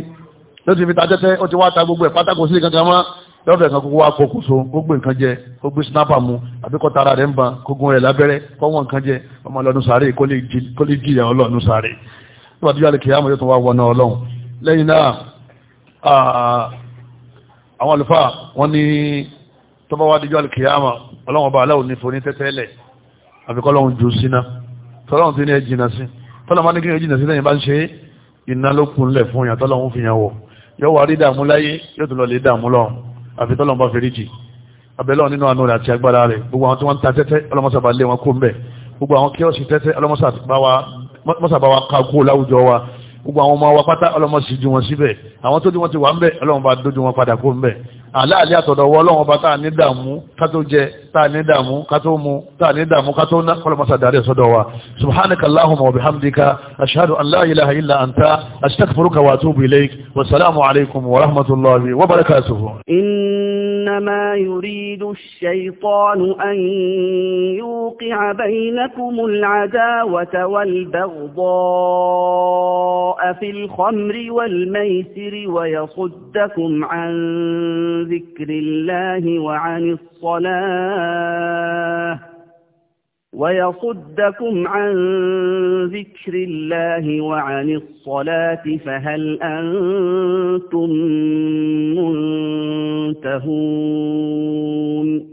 ló ti fi ta tẹ́tẹ́ ó ti wá ta gbogbo ẹ̀ pátákó sí lọ́fẹ̀ẹ́ kan kó wá pokùnso kó gbé nǹkan jẹ kó gbé sinapa mu àbí kó tara rẹ̀ ń ban kó gun rẹ̀ lábẹ́rẹ́ kó wọ́n nǹkan jẹ ọmọ lọ́nu sáré kó lè jìyà ọlọ́nu sáré nígbà tó yà lè kíyàmù yóò tún wá wọnà ọlọ́run lẹ́yìn náà àwọn àlùfáà wọ́n ní tó bá wá díjọ́ àlùkìyàmù ọlọ́run ọba aláwọ̀ ní foní tẹ́tẹ́lẹ̀ àfikọ́ ọlọ́run jù síná sí àfi tọ́lọ̀ bá fèrè jì abẹ́lọ́ nínú àánú rẹ̀ àti agbára rẹ̀ gbogbo àwọn tí wọ́n ń ta tẹ́tẹ́ ọlọ́mọsàbà lé wọn kó ń bẹ̀ gbogbo àwọn kí ọ̀sìn tẹ́tẹ́ ọlọ́mọsàbà wa ká láwùjọ wa gbogbo àwọn ọmọ wa pátá ọlọ́mọsì ju wọn síbẹ̀ àwọn tó dí wọn ti wà ń bẹ̀ ọlọ́mọba dójú wọn padà kó ń bẹ̀ àláàlẹ́ àtọ̀dọ̀ ọwọ́ ọlọ́run ọba tá a ní dààmú ká tó jẹ tá a ní dààmú ká tó mu tá a ní dààmú ká tó ná kọlọmọsà dàrí ẹ̀sọ́dọ̀ wa subhanaka allahumma wa bihamdika ashhadu an la ilaha illa anta astaghfiruka wa atubu ilayk wa salaamu alaykum wa rahmatullahi wa barakatuhu. إنما يريد الشيطان أن يوقع بينكم العداوة والبغضاء في الخمر والميسر ويصدكم عن ذكر الله وعن الصلاة ويصدكم عن ذكر الله وعن الصلاة فهل أنتم منتهون